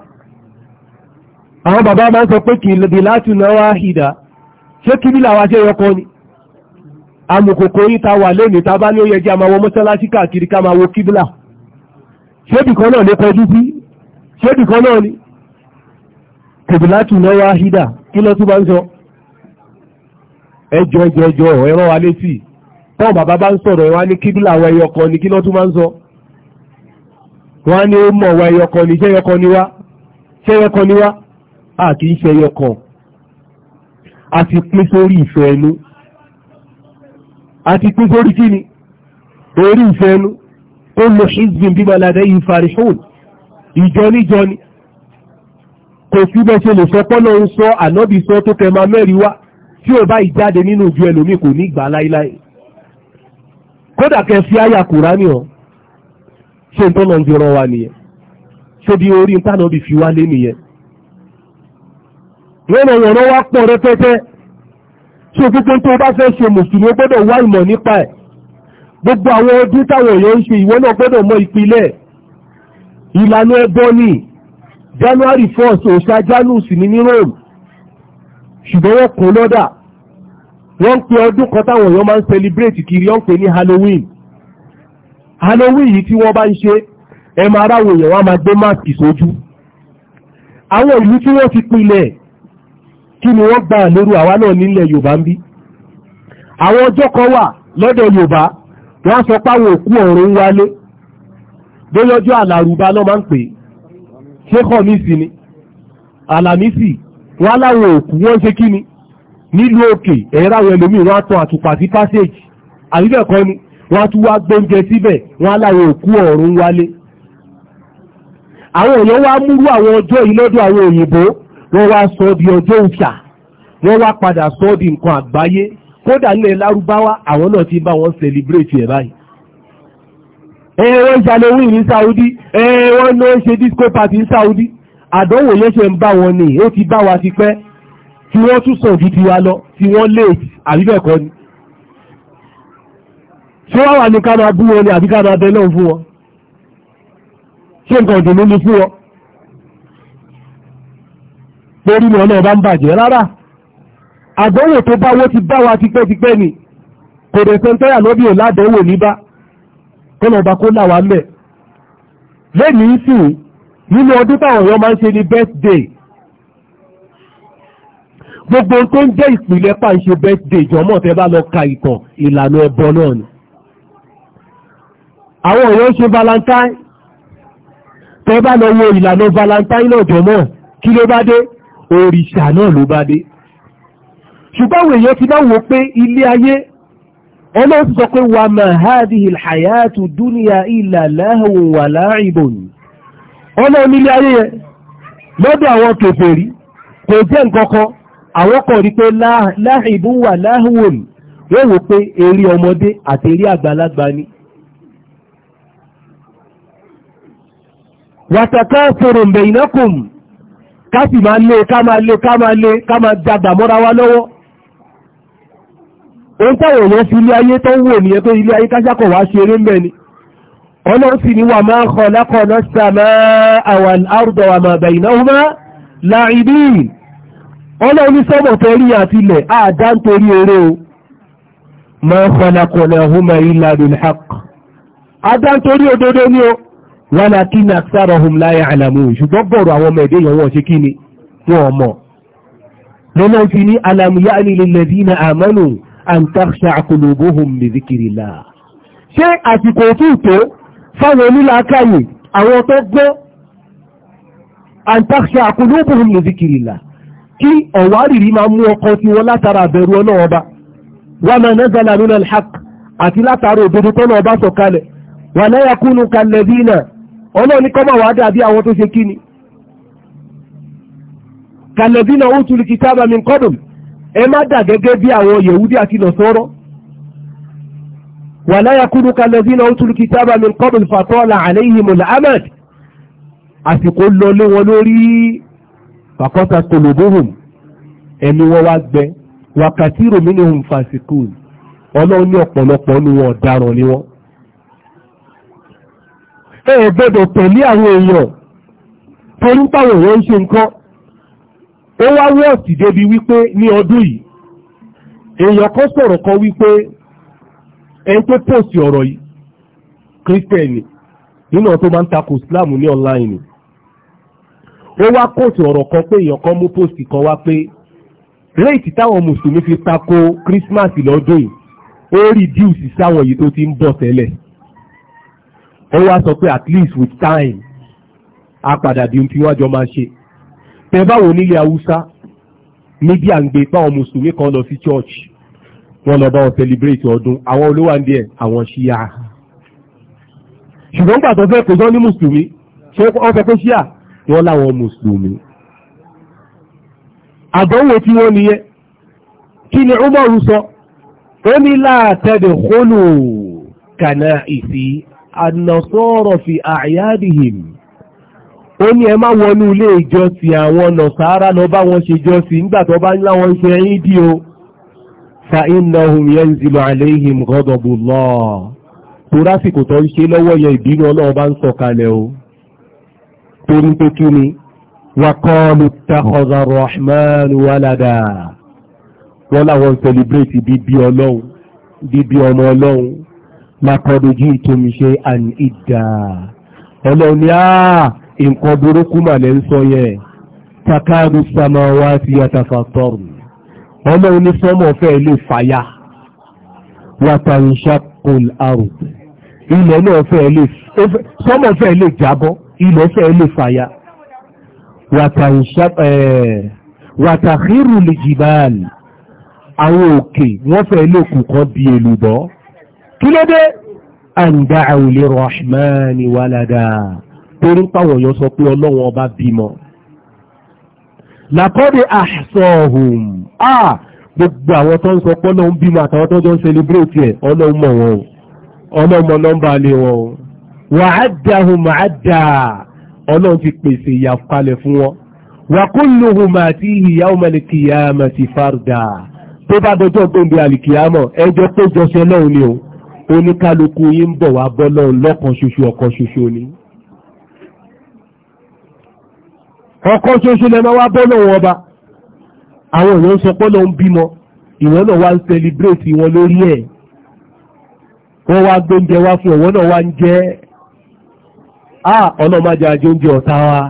àwọn bàbá máa ń sọ pé kì í lè láti náwó àhìdá ṣé kí ní làwọn aṣẹ́yọkọ ni amùkòkò yìí ta wà lónìí ta bá ní ó yẹ kí a mọ́sálásí káàkiri ká máa wo kíbílà ṣébìkan náà ní kọjú sí ṣébìkan náà ni kìbìlátù náà wá hídà kí lọ tún bá ń sọ ẹjọ ẹjọ ẹjọ ẹran wa létí tọ́ bàbá bá ń sọ̀rọ̀ wá ní kíbílà wa ẹyọ kan ni kí lọ tún bá ń sọ wá ní ó mọ̀ wa ẹyọ kan ni ṣẹ́yọ kan ni wá ṣẹ́yọ kan ni wá a kì í ṣẹyọ kan a pín sórí ìfẹ́ ẹnu àti pín sórí kí ni orí ìfẹ́nu kullu hizbin bima ladayhim farihun ìjọ níjọ ni kò sí bẹ́ẹ̀ ṣe lè sọ pọ́nà ń sọ ànábì sọ tó kẹ́ máa mẹ́rin wá tí ò bá ìjáde nínú ojú ẹlòmíì kò ní ìgbà láíláí kódà kẹ́ fi àyà kùránì hàn ṣé nǹkan náà ń jọrọ wa nìyẹn ṣé bí orí nǹkan náà bí fi wálé nìyẹn. wọ́n náà wọ̀rọ̀ wá pọ̀ rẹpẹtẹ ṣé gbogbo tó bá fẹ́ ṣe mùsùlùmí ó gbọ́dọ̀ wá ìmọ̀ nípa ẹ̀ gbogbo àwọn ọdún táwọn èèyàn ń ṣe ìwọ náà gbọ́dọ̀ mọ ìpìlẹ̀ ìlànà ẹbọ ni January 1st òṣà Janus ní ní Rome ṣùgbọ́n wọ́n kún lọ́dà wọ́n ń pe ọdún kan táwọn èèyàn máa ń celebrate kiri wọ́n ń pè ní Halloween Halloween yìí tí wọ́n bá ń ṣe ẹ máa ráwọ̀ èèyàn wá máa gbé mask sójú àwọn ìlú tí wọ́n ti pinlẹ̀ kí ni wọ́n gbà lérò àwa náà nílẹ̀ yorùbá ń bí àwọn ọjọ́ kan wà lọ́dọ̀ yorùbá wọ́n sọ páwọn òkú ọ̀run wálé bóyọ́jọ́ àlàrúbá náà máa ń pè ṣé kọ́mísì ni àlàmísì wọ́n láwọn òkú wọ́n ṣe kí ni nílùú òkè ẹ̀rọ àwọn ẹlòmíì wọ́n á tan àtùpà sí pásẹ̀jì àbíbẹ̀kọ́ ni wọ́n tún wá gbóúnjẹ síbẹ̀ wọ́n láwọn òkú ọ̀run wálé àwọn èèyàn wá múrú àwọn ọjọ́ yìí lọ́dọ̀ àwọn òyìnbó wọ́n wá sọ di ọjọ́ òòṣà wọ́n wá padà sọ di nǹkan àgbáyé kódà nílẹ̀ lárúbáwá àwọn náà ti bá wọn celebrate ẹ̀ báyìí wọ́n ṣàlẹ̀ wí ní Saudi wọ́n ló ń ṣe disco party ní Saudi àdánwò yẹn ṣe ń bá wọn ni ó ti bá wa ti pẹ́ tí wọ́n tún sàn ju tiwa lọ tí wọ́n late àbíbẹ̀kọ́ ni ṣé wọ́n wà ní ká máa bú wọn ni àbí ká máa bẹ náà fún wọn ṣé nǹkan ìdùnnú ni fún wọn lórí ni ọlọ́ọ̀bá ń bàjẹ́ rárá àdánwò tó báwó ti bá wa tipẹ́tipẹ́ ni kò dẹ̀ sẹ́ńtẹ́yà lóbi ò ládẹ́wò níbá kọ́lọ̀ọ̀bá kó là wá mẹ́ lẹ́nìí sì nínú ọdún táwọn èèyàn máa ń ṣe ní birthday gbogbo tó ń jẹ́ ìpìlẹ̀ pàṣẹ birthday jọmọ́ tẹ́ bá lọ ka ìtàn ìlànà ẹbọ náà ni àwọn èèyàn ṣe valentine tẹ́ bá lọ wo ìlànà valentine náà jọmọ́ kí ló bá dé òrìṣà náà ló bá dé ṣùgbọ́n àwọn èèyàn ti dáwò pé ilé ayé ọlọ́run ti sọ pé wà máa hádìí ìlhàyàtù dúnìyà ìlà láhùn wà láàrìbòn ọlọ́run ilé ayé yẹn lọ́dọ̀ àwọn kèfèrí kò jẹ́ nǹkankan àwọn kan rí pé láhìbún wà láhùn yóò wò pé eré ọmọdé àti eré àgbàlagbà ni wàtàkà fòròmbẹ̀ ìnákùnmù ká sì máa lé ká máa lé ká máa lé ká máa dàgbà mọ́ra wa lọ́wọ́ ohun táwọn èèyàn fi ilé ayé tó ń wò nìyẹn pé ilé ayé kájákọ̀ wá ṣe eré mẹ́ni ọlọ́run sì ní wà máa ń kọ́ lákọ̀ọ́nà sàmà àwọn àrùdọ̀ wà máa bẹ̀yìn láìbí ọlọ́run sọ́mọ̀ torí àti ilẹ̀ àdá ń torí eré o máa ń kọ́ lákọ̀ọ́nà hùmà ìlànà ìlhàk àdá walakin aktharuhum la ya'lamun ṣùgbọ́n bọ̀rọ̀ àwọn ọmọ ẹ̀dẹ́ yẹn wọ́n ṣe kí ni wọ́n mọ̀ lọ́nà fi ní alam ya'ni lilladhina amanu an takhsha'a qulubuhum li dhikrillah ṣé àsìkò tí tó fáwọn onílàákàyè àwọn tó gbọ́ an takhsha'a qulubuhum li dhikrillah kí ọ̀wárìrì máa mú ọkọ tí wọ́n látara àbẹ̀rù ọlọ́wọ́ bá ọlọ́run ní kọ́mọ̀ wá dàbí àwọn tó ṣe kíni kàlẹ́bínà ó tún kí sábà mi kọ́dùn ẹ má dà gẹ́gẹ́ bí àwọn yẹ̀wúdí àti lọ́sọ́rọ́ wà láyà kúrú kàlẹ́bínà ó tún kí sábà mi kọ́dùn fàtọ́lá àlẹ́yìn mọ̀lá ahmed àsìkò lọ lé wọn lórí fàkọ́ta tòlóbóhùn ẹni wọn wá gbẹ wákàtí ròmìnirùn fàṣíkù ọlọ́run ní ọ̀pọ̀lọpọ̀ ní wọn ọ̀daràn ni wọn ẹ gbọ́dọ̀ tẹ̀lé àwọn èèyàn torí táwọn èèyàn ń ṣe nǹkan ó wá wọ́ọ̀sì débi wípé ní ọdún yìí èèyàn kan sọ̀rọ̀ kan wípé ẹni tó pòsì ọ̀rọ̀ yìí kírísítẹ̀nì nínú ọ̀tọ́ máa ń takò ìsìláàmù ní ọ̀nláìnì ó wá kóòtù ọ̀rọ̀ kan pé èèyàn kan mú pòsì kan wá pé réètì táwọn mùsùlùmí fi tako kírísímàsì lọ́dún yìí ó rí díùsì sáwọn yìí tó ti ń bọ̀ tẹ́lẹ̀ ó wá sọ pé at least with time a padà di ti wájọ máa ṣe tẹ báwo nílẹ̀ haúsá níbi à ń gbé báwọn mùsùlùmí kan lọ sí church wọ́n lọ bá wọn celebrate ọdún àwọn olówàndíẹ̀ àwọn ṣíyà ṣùgbọ́n gbà tó fẹ́ kò sọ ní mùsùlùmí ṣé wọ́n fẹ́ pé ṣíyà wọ́n láwọn mùsùlùmí àdánwò tí wọ́n nìyẹn kí ni Umaru sọ ó ní láàtẹ̀dẹ̀ kólù kànáà ìsí ànàsọ́rọ̀ fi àyádìhìm ó ní ẹ má wọnú ilé ìjọsìn àwọn nàṣàárà lọ bá wọn ṣe jọsìn nígbà tó bá ńlá wọn ṣe ẹyìn dí o fa innahum yanzilu alayhim ghadabullah torásìkò tó ń ṣe lọ́wọ́ yẹn ìbínú ọlọ́run bá ń sọ̀kalẹ̀ o torí pé kí ni wakọ́ọ̀lù takhadha rahman walada wọ́n láwọn celebrate bíbí ọlọ́run bíbí ọmọ ọlọ́run lakọdojú ìtòmí ṣe an ìdá ọlọ́run ni àà nǹkan burúkú mà lẹ́ ń sọ yẹn takadu samawati yatafatarun ọlọ́run ní sọ́mọ̀ fẹ́ lè fàyà watanshakul ard ilẹ̀ náà fẹ́ lè sọ́mọ̀ fẹ́ lè jábọ́ ilẹ̀ fẹ́ lè fàyà watahiru lè jìbáàlì àwọn òkè wọ́n fẹ́ lè kù bí èlùbọ́ kí ló dé àǹdà àwìlè rahmani walada torí pàwọ̀ yọ sọ pé ọlọ́wọ́n ọba bímọ làkọ́dé ahsahum a gbogbo àwọn tó ń sọ pé ọlọ́run bímọ àtàwọn tó jọ ń celebrate ẹ̀ ọlọ́run mọ̀ wọn o ọlọ́run ẹjọ́ tó jọ ṣe lọ́hùn ni o oníkálukú yín ń bọ̀ wá bọ́ lọ́run lọ́kan ṣoṣo ọ̀kan ṣoṣo ni. ọ̀kan ṣoṣo lẹ́nu wá bọ́ lọ́run ọba àwọn èèyàn sọ pé lọ́n bímọ ìwọ náà wá ń celebrate wọn lórí ẹ̀ wọ́n wá gbóúnjẹ wá fún ọ̀wọ́ náà wá ń jẹ́ ah ọlọ́run má jẹ́ ajé oúnjẹ ọ̀tá wa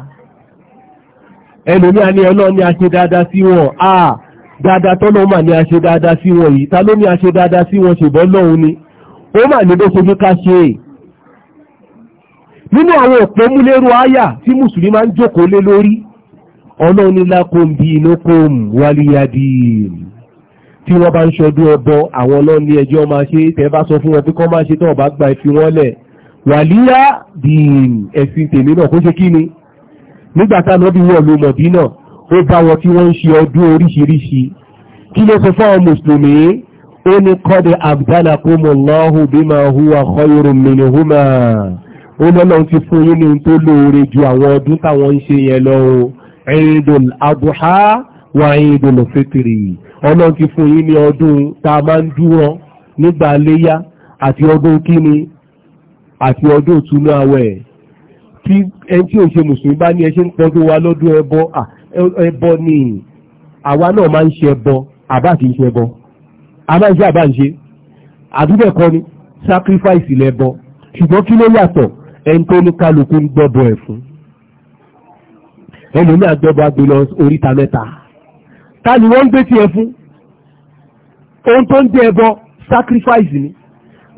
ẹlòmíà ní ọlọ́run ní a ṣe dáadáa sí wọn ah dáadáa tọ́lọ́mà ní a ṣe dáadáa sí wọn yìí ta ló ní a ṣe dáadáa sí wọn ṣùgbọ́n lọ́hun ni ó mà ní bó fojú ká ṣe é nínú àwọn ọ̀pọ̀ múlẹ́rù àyà tí mùsùlùmí máa ń jókòó lé lórí ọlọ́run ní lákòm bí inúkòm wálíyàdì tí wọ́n bá ń ṣọdún ọbọ àwọn ọlọ́run ní ẹjọ́ máa ṣe tẹ́ bá sọ fún wọn pé kọ́ máa ṣe tọ́ọ̀bá gba ìfi wọn lẹ̀ wàlíyà dìín ẹ̀sìn tèmi náà kó ṣe kí ni nígbà táwọn bí wọ́n lu mọ̀dínà ó bá wọn tí wọ́n ń ṣe ọdún oríṣiríṣi kí ló sọ fún mùsùlùmí ó ní kọ́dí abdalakumullahu bima huwa khayrun minhuma ó lọ́lọ́run ti fún yín ní tó lóore ju àwọn ọdún táwọn ń ṣe yẹn lọ Eidul Adha wa Eidul Fitri ọlọ́run ti fún yín ní ọdún tá a máa ń dúró nígbà léyá àti ọdún kíni àti ọdún ìtúnú àwẹ̀ tí ẹni tí ò ṣe mùsùlùmí bá ní ẹ ṣe ń pọ́n tó wa lọ́dún ẹbọ ẹbọ àwa náà máa ń ṣe ẹbọ àbá kì í ṣe ẹbọ àbáǹṣe àbáǹṣe àbíbẹ̀ kọ́ ni sacrifice lẹ́bọ ṣùgbọ́n kí ló yàtọ̀ ẹni tó ní kálukú ń gbọ́bọ ẹ̀ fún ẹlòmíà gbọ́bọ agbélọ oríta mẹ́ta ta ni wọ́n ń gbé tiẹ̀ fún ohun tó ń jẹ ẹbọ sacrifice ni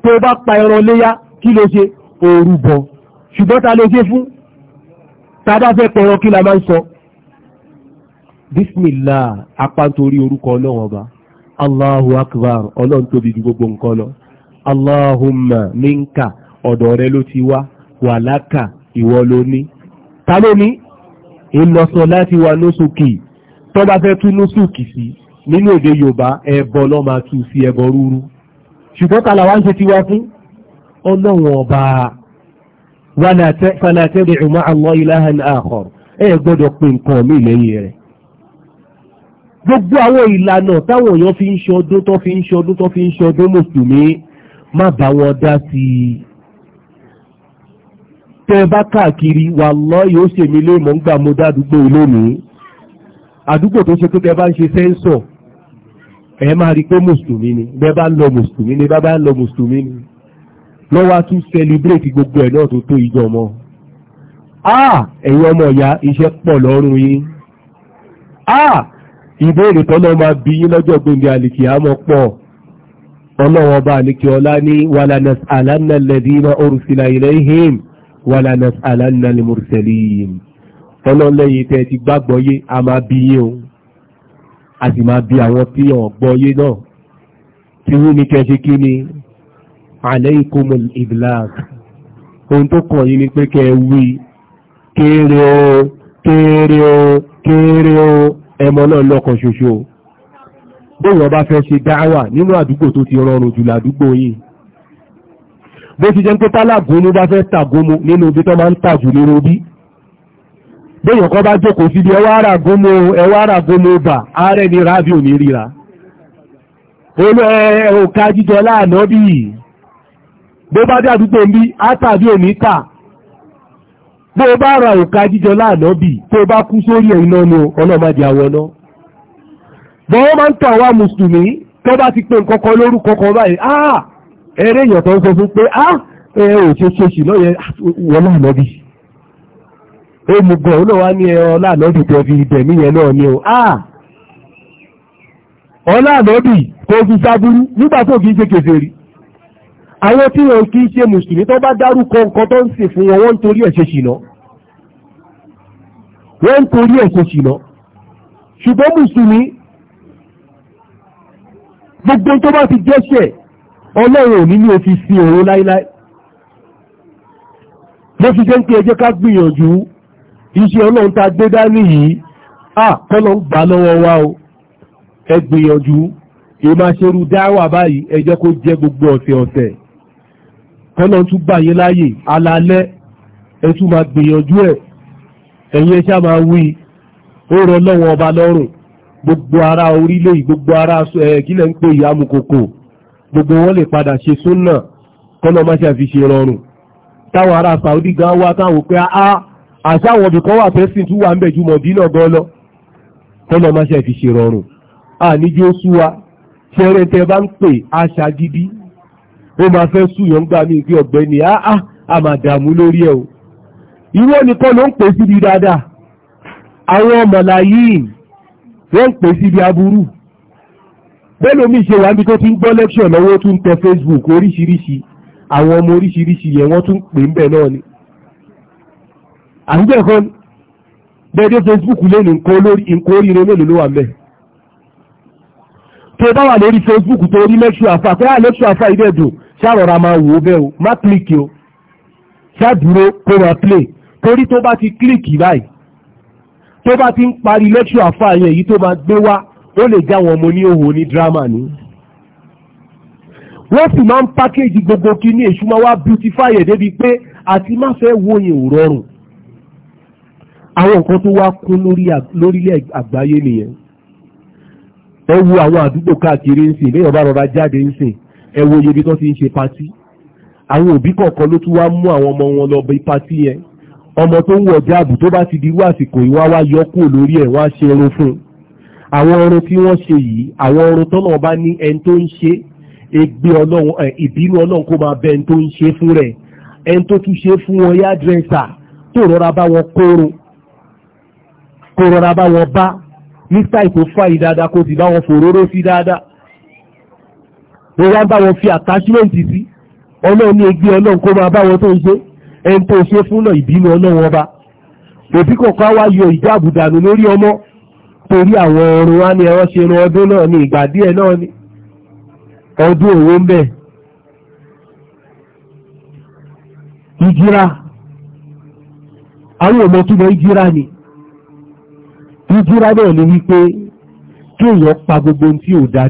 tó bá pa ẹran léyà kí ló ṣe orúbọ ṣùgbọ́n ta ló ṣe fún ta bá fẹ́ pẹ̀rọ kí la máa ń sọ bísmìlá apá nítorí orúkọ ọlọ́wọ́n ọba allahu akbar ọlọ́run tóbi gbogbo nǹkan lọ allahumma minka ọ̀dọ̀ rẹ ló ti wá wàlákà ìwọ ló ní ta ló ní wa nusuki tó bá fẹ́ tún sí nínú èdè yorùbá ẹbọ lọ́ máa sí ẹbọ kala wá ń ṣe tiwa fún ọlọ́run ọba ẹ gbọ́dọ̀ pé nǹkan gbogbo àwọn ìlànà táwọn èèyàn fi ń ṣọdún tó fi ń ṣọdún tó fi ń ṣọdún mùsùlùmí má bá wọn dá sí i tẹ bá káàkiri wà lọ yóò ṣe mí lé mọ̀ ń gbà mo dádúgbò lónìí àdúgbò tó ṣe pé tẹ bá ń ṣe sẹ́ńsọ̀ ẹ máa rí pé mùsùlùmí ni bẹ́ẹ̀ bá ń lọ mùsùlùmí ni bá bá ń lọ mùsùlùmí ni lọ́wọ́ tún sẹlibrétì gbogbo ẹ̀ náà tó tó ìjọ ọmọ ah! ẹ̀yin ọmọ ìyá iṣẹ́ pọ̀ lọ́rùn yín ah! ìbéèrè tọ́lọ́ máa bí yín lọ́jọ́ gbòǹdì àlìkì àmọ́ pọ̀ ọlọ́wọ́n bá àlìkì ọlá ní wàlànàs àlànà lẹ́dínà orísìlà ilayhim wàlànàs àlànà lẹ́mùrùsẹ̀lìm ọlọ́lẹ́yìn tẹ́ ti gbàgbọ́ yé a máa bí yín o a sì máa bí àwọn tí ọ̀ gbọ́ náà tí wú ní kẹ́ṣe kí ni alaykumul iblaq ohun tó kàn yín ni pé kẹ́ wí kéré o kéré o kéré o ẹmọ náà lọ́kan ṣoṣo bóyọ̀ bá fẹ́ ṣe dáwà nínú àdúgbò tó ti rọrùn jù ládùúgbò yìí bó ti jẹ́ pé tálágúnmú bá fẹ́ tàgúnmú nínú ibi tó máa ń tàjù nínú bí bóyọ̀ kan bá jókòó síbi ẹwà àràgúnmú ẹwà àràgúnmú bà ààrẹ bí bó bá dé bó o bá ra òka jíjọ láàánú bì tó o bá kú sórí ẹ̀ iná ni ọlọ́mọdé àwọn náà. wọ́n máa ń tọ́ àwa mùsùlùmí tó bá ti pé nǹkan kan lórúkọ kan báyìí ah eré èèyàn tó ń sọ fún pé ah ẹ ò ṣe ṣe ṣì ah, náà yẹ wọ́n láàánú bì. olùgbọ̀n náà wá o ah ọláàánú bì tó fi sábúrú nígbà tó àwọn tí wọn kì í ṣe mùsùlùmí tó bá dárúkọ nǹkan tó ń sìn fún wọn wọ́n ń torí ẹ̀ ṣe ṣìnà wọ́n ń torí ẹ̀ ṣe ṣìnà ṣùgbọ́n mùsùlùmí gbogbo tó bá ti jẹ́ṣẹ̀ ọlọ́run òní ní òfin sí òun láíláí mo fi jẹ́ ń pé ẹ ká gbìyànjú iṣẹ́ ọlọ́run tá a gbé dání yìí à kọ́nà ń gbà lọ́wọ́ wa o ẹ gbìyànjú ìmáṣerú dáwà báyìí ẹ jẹ́ kó jẹ́ gbogbo ọ̀sẹ̀ ọ̀sẹ̀ kọ́nà tún gbà yín láàyè alalẹ́ ẹ tún máa gbìyànjú ẹ̀ ẹ̀yin ẹ ṣáà máa wí ó rọ lọ́wọ́ ọba lọ́rùn gbogbo ará orílẹ̀ gbogbo ará kílẹ̀ ń pè ìyá mukoko gbogbo wọn lè padà ṣe súnà kọ́nà má ṣe àfiṣe rọrùn táwọn ará Saudi gan wá táwọn pé á àṣà àwọn ibìkan wà fẹ́ sìn tún wà ń bẹ̀ ju mọ̀dínà gan lọ má ṣe àfiṣe rọrùn àníjó sú wa ṣẹ́rẹ́ tẹ bá ń pè àṣà gidi wọ́n máa fẹ́ súyọ̀ ń gbà ní ìgbé ọ̀gbẹ́ni áá a máa dààmú lórí ẹ̀ o irú ẹnìkan ló ń pè síbi dáadáa àwọn màláyìn wọ́n ń pè síbi aburú bẹ́lómi ṣe wà níbi tó ti ń gbọ́ lẹ́kṣọ̀ lọ́wọ́ tó ń tẹ Facebook oríṣiríṣi àwọn ọmọ oríṣiríṣi yẹn wọ́n tún pè ń bẹ̀ náà ni àbíbẹ̀ kan bẹ́ẹ̀dẹ́ Facebook lé ní nǹkan oríire mélòó ló wà mẹ́ tó bá wà lórí Facebook tó rí lẹ́kṣọ̀ àfà pé à lẹ́kṣọ̀ àfà ìdẹ́dùn ṣàrọ̀ra máa wò ó bẹ́ẹ̀ o má kílìkì o ṣàdúró kó máa play torí tó bá ti kílìkì báyìí tó bá ti ń parí lẹ́tù àfààyàn èyí tó máa gbé wá ó lè já wọn ọmọ ní òhò ní dírámà ni. wọ́n sì máa ń pákéjì gbogbo kíní èṣù wá beautify ẹ̀ débi pé àti má fẹ́ wo yẹn ò rọrùn. àwọn nǹkan tó wá kún lórílẹ̀ àgbáyé nìyẹn. ẹ wo àwọn àdúgbò káàkiri ń sìn léèyàn bá rọra jáde ń sìn ẹ wo iye bí tó ti ń ṣe patí àwọn òbí kọ̀ọ̀kan ló tún wá mú àwọn ọmọ wọn lọ bí patí yẹn ọmọ tó ń wọ jáàbù tó bá ti di irú àsìkò yìí wá wá yọ kúrò lórí ẹ̀ wá ṣe irun fún un àwọn irun tí wọ́n ṣe yìí àwọn irun tọ́nà bá ní ẹni tó ń ṣe ègbé ọlọ́run ìbínú ọlọ́run kó máa bẹ ẹni tó ń ṣe fún rẹ̀ ẹni tó tún ṣe fún wọn yá dírẹ́sà tó rọra bá wọn kórun kó rọra bá wọn bá ní sáì tó fà yìí dáadáa kó sì bá wọn fòróró sí dáadáa wọ́n wá bá wọn fi àtàṣímẹ́ǹtì sí ọlọ́run ní ẹgbẹ́ ọlọ́run kó máa bá wọn tó ń ṣe ẹni tó ṣe ìbínú ọlọ́run ọba òbí kọ̀ọ̀kan wá yọ ìjáàbù dànù lórí ọmọ torí àwọn ọrùn wa ni ẹ̀rọ ṣe ran ọdún náà ní ìgbà díẹ̀ náà ni ọdún òwò ń bẹ̀. ìjìra àwọn ọmọ tó ni ìjìra náà ni wípé kí èèyàn pa gbogbo ohun tí ò dá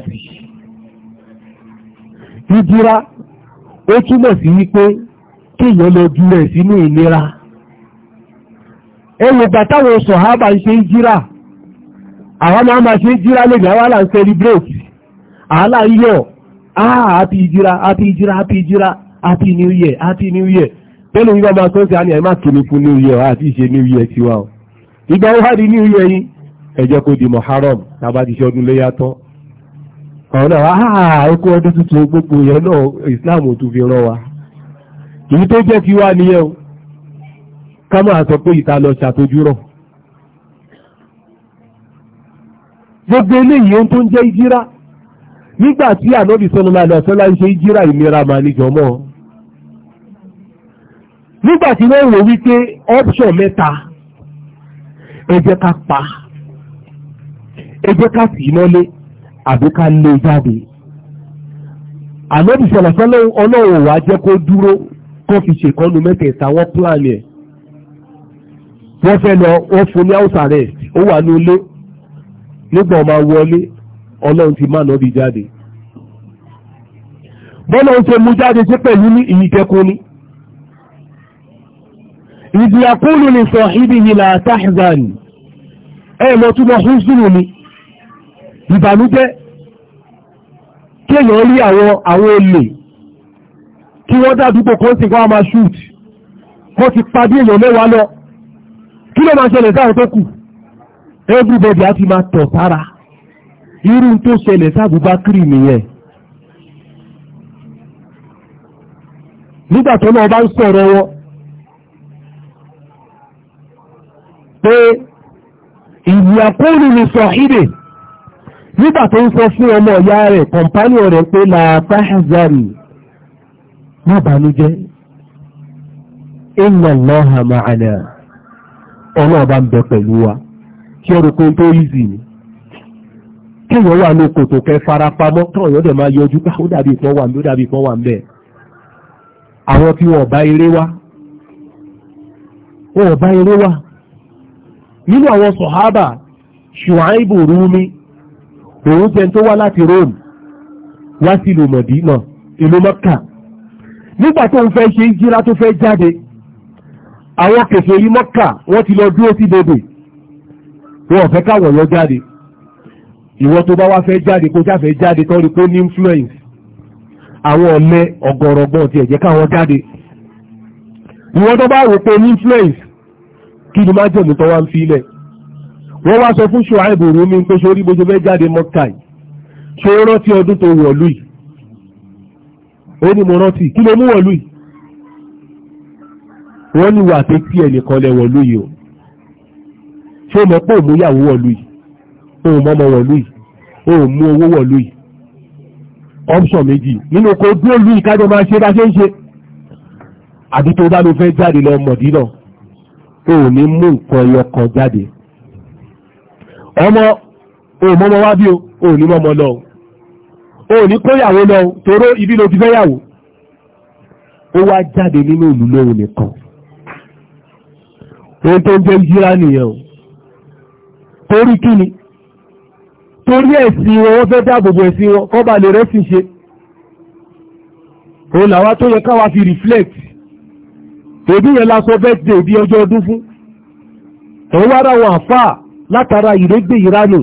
hijira ó túmọ̀ sí wípé kéèyàn lọ jùlẹ̀ sínú ìnira ẹwò gbà táwọn sọ̀hábà ń ṣe hijira àwọn máa ma ṣe hijira lẹ́gbẹ̀ẹ́ àwọn là ń celebrate àálà yíyọ̀ ah happy hijira happy hijira happy hijira new year happy new year tẹ́lẹ̀ yíwá máa tó ń ṣe àní ẹ̀ má kìíní fún new year àti ìṣe new year tiwa o ìgbà ó di new year yìí ẹ jẹ́ di Muharram ọ̀nà àà ikú ọdún tuntun gbogbo yẹn náà Islam otu fi wa èyí tó jẹ́ kí wá o ká máa sọ pé ìta lọ ṣàtójú rọ̀ gbogbo eléyìí ohun tó ń jẹ́ ìjírá nígbà tí ànábì sọ́nà máa lọ sọ́lá ń ṣe ìnira máa níjọ mọ́ nígbà tí wọ́n wò wípé mẹ́ta ẹ àbí ká lé jáde ànábì sọ̀lọ̀sọ́lọ́ ọlọ́run wàá jẹ́ kó dúró kó fi ṣèkọ́nu mẹ́tẹ̀ẹ̀ta wọ́n plan ẹ̀ wọ́n fẹ́ lọ wọ́n fún ní house arrest ó wà ní ilé nígbà ọmọ wọlé ọlọ́run ti má nọ́bì jáde bọ́lá ń ṣe mú jáde sí pẹ̀lú ní ìyíkẹ́kọ́ ni ìdí àkúlù ní sọ ibi ìlà tahzan ẹ̀ mọ́ túbọ̀ ni ìbànújẹ́ kí èèyàn rí àwọn àwọn olè kí wọ́n dádúgbò kan sì wọ́n máa shoot wọ́n ti padì èèyàn mẹ́wàá lọ kí ló máa ṣẹlẹ̀ sáwọn tó kù everybody á ti máa tọ̀ sára irú tó ṣẹlẹ̀ sábùbákírì nìyẹn nígbà tó náà bá ń sọ̀rọ̀ wọn pé ìyàkóòrùn ní sọ̀hídè nígbà tó ń sọ fún ọmọ ìyá rẹ̀ kọ̀mpánì rẹ̀ pé làápá hazari má bànújẹ́ inna Allaha ma'ana ọlọ́ọ̀bá ń bẹ pẹ̀lú wa kí ọrùn kan tó yízi ni kéèyàn wà ní kòtò kẹ farapamọ́ káwọn yọ́dẹ̀ máa yọjú pé ah, ó dàbí ìpọ́n ń bẹ ó dàbí ìpọ́n ń bẹ àwọn tí wọ́n bá eré wá wọ́n bá eré wá nínú àwọn sọ̀hábà ṣùháìbù rúmi òun jẹ́ tó wá láti Rome wá sí ìlú Mọ̀dínà ìlú Mọ́kà nígbà tó ń fẹ́ ṣe ìjírá tó fẹ́ jáde àwọn kèfèrí Mọ́kà wọ́n ti lọ dúró sí bèbè wọ́n fẹ́ káwọn yọ jáde ìwọ tó bá wá fẹ́ jáde kó jáfẹ́ jáde tó rí pé ní influence àwọn ọ̀lẹ ọ̀gọ̀rọ̀gbọ̀n ti ẹ̀jẹ̀ káwọn jáde ìwọ tó bá wò pé ní influence kí ni má jẹ̀mú tó wá ń fi ilẹ̀ wọ́n wá sọ fún ṣùháìbù rúmi pé ṣorí bó ṣe fẹ́ jáde mọ́kà yìí ṣe ó rántí ọdún tó wọ̀lú yìí ó ní mo rántí kí ló mú wọ̀lú yìí wọ́n ní wà pé tí ẹnìkan lẹ wọ̀lú yìí o ṣé mọ̀ pé òmúyàwó wọ̀lú yìí òun mọ́mọ́ wọ̀lú yìí òun mú owó wọ̀lú yìí option méjì nínú kó dúró lú yìí kájọ máa ṣe bá ṣe ń ṣe àbí bá ló fẹ́ jáde lọ mọ̀dínà òun ní mú nǹkan ẹyọ jáde ọmọ òmọmọ wá bí o ò ní mọ́mọ lọ o ò ní kóyàwó lọ toró ibi ló ti fẹ́yàwó ó wá jáde nínú ìlú lóhun nìkan ohun tó ń jẹ́ yíra nìyẹn o torí kí ni torí ẹ̀sìn wọn wọ́n fẹ́ dáàbòbò ẹ̀sìn wọn kọ́ bá lè rẹ́sìn ṣe òun làwa tó yẹ káwa fi reflect èdè yẹn la sọ bẹ́ẹ̀ dé ibi ọjọ́ ọdún fún òun wá dáwọn àfáà látara ìrégbè ìranù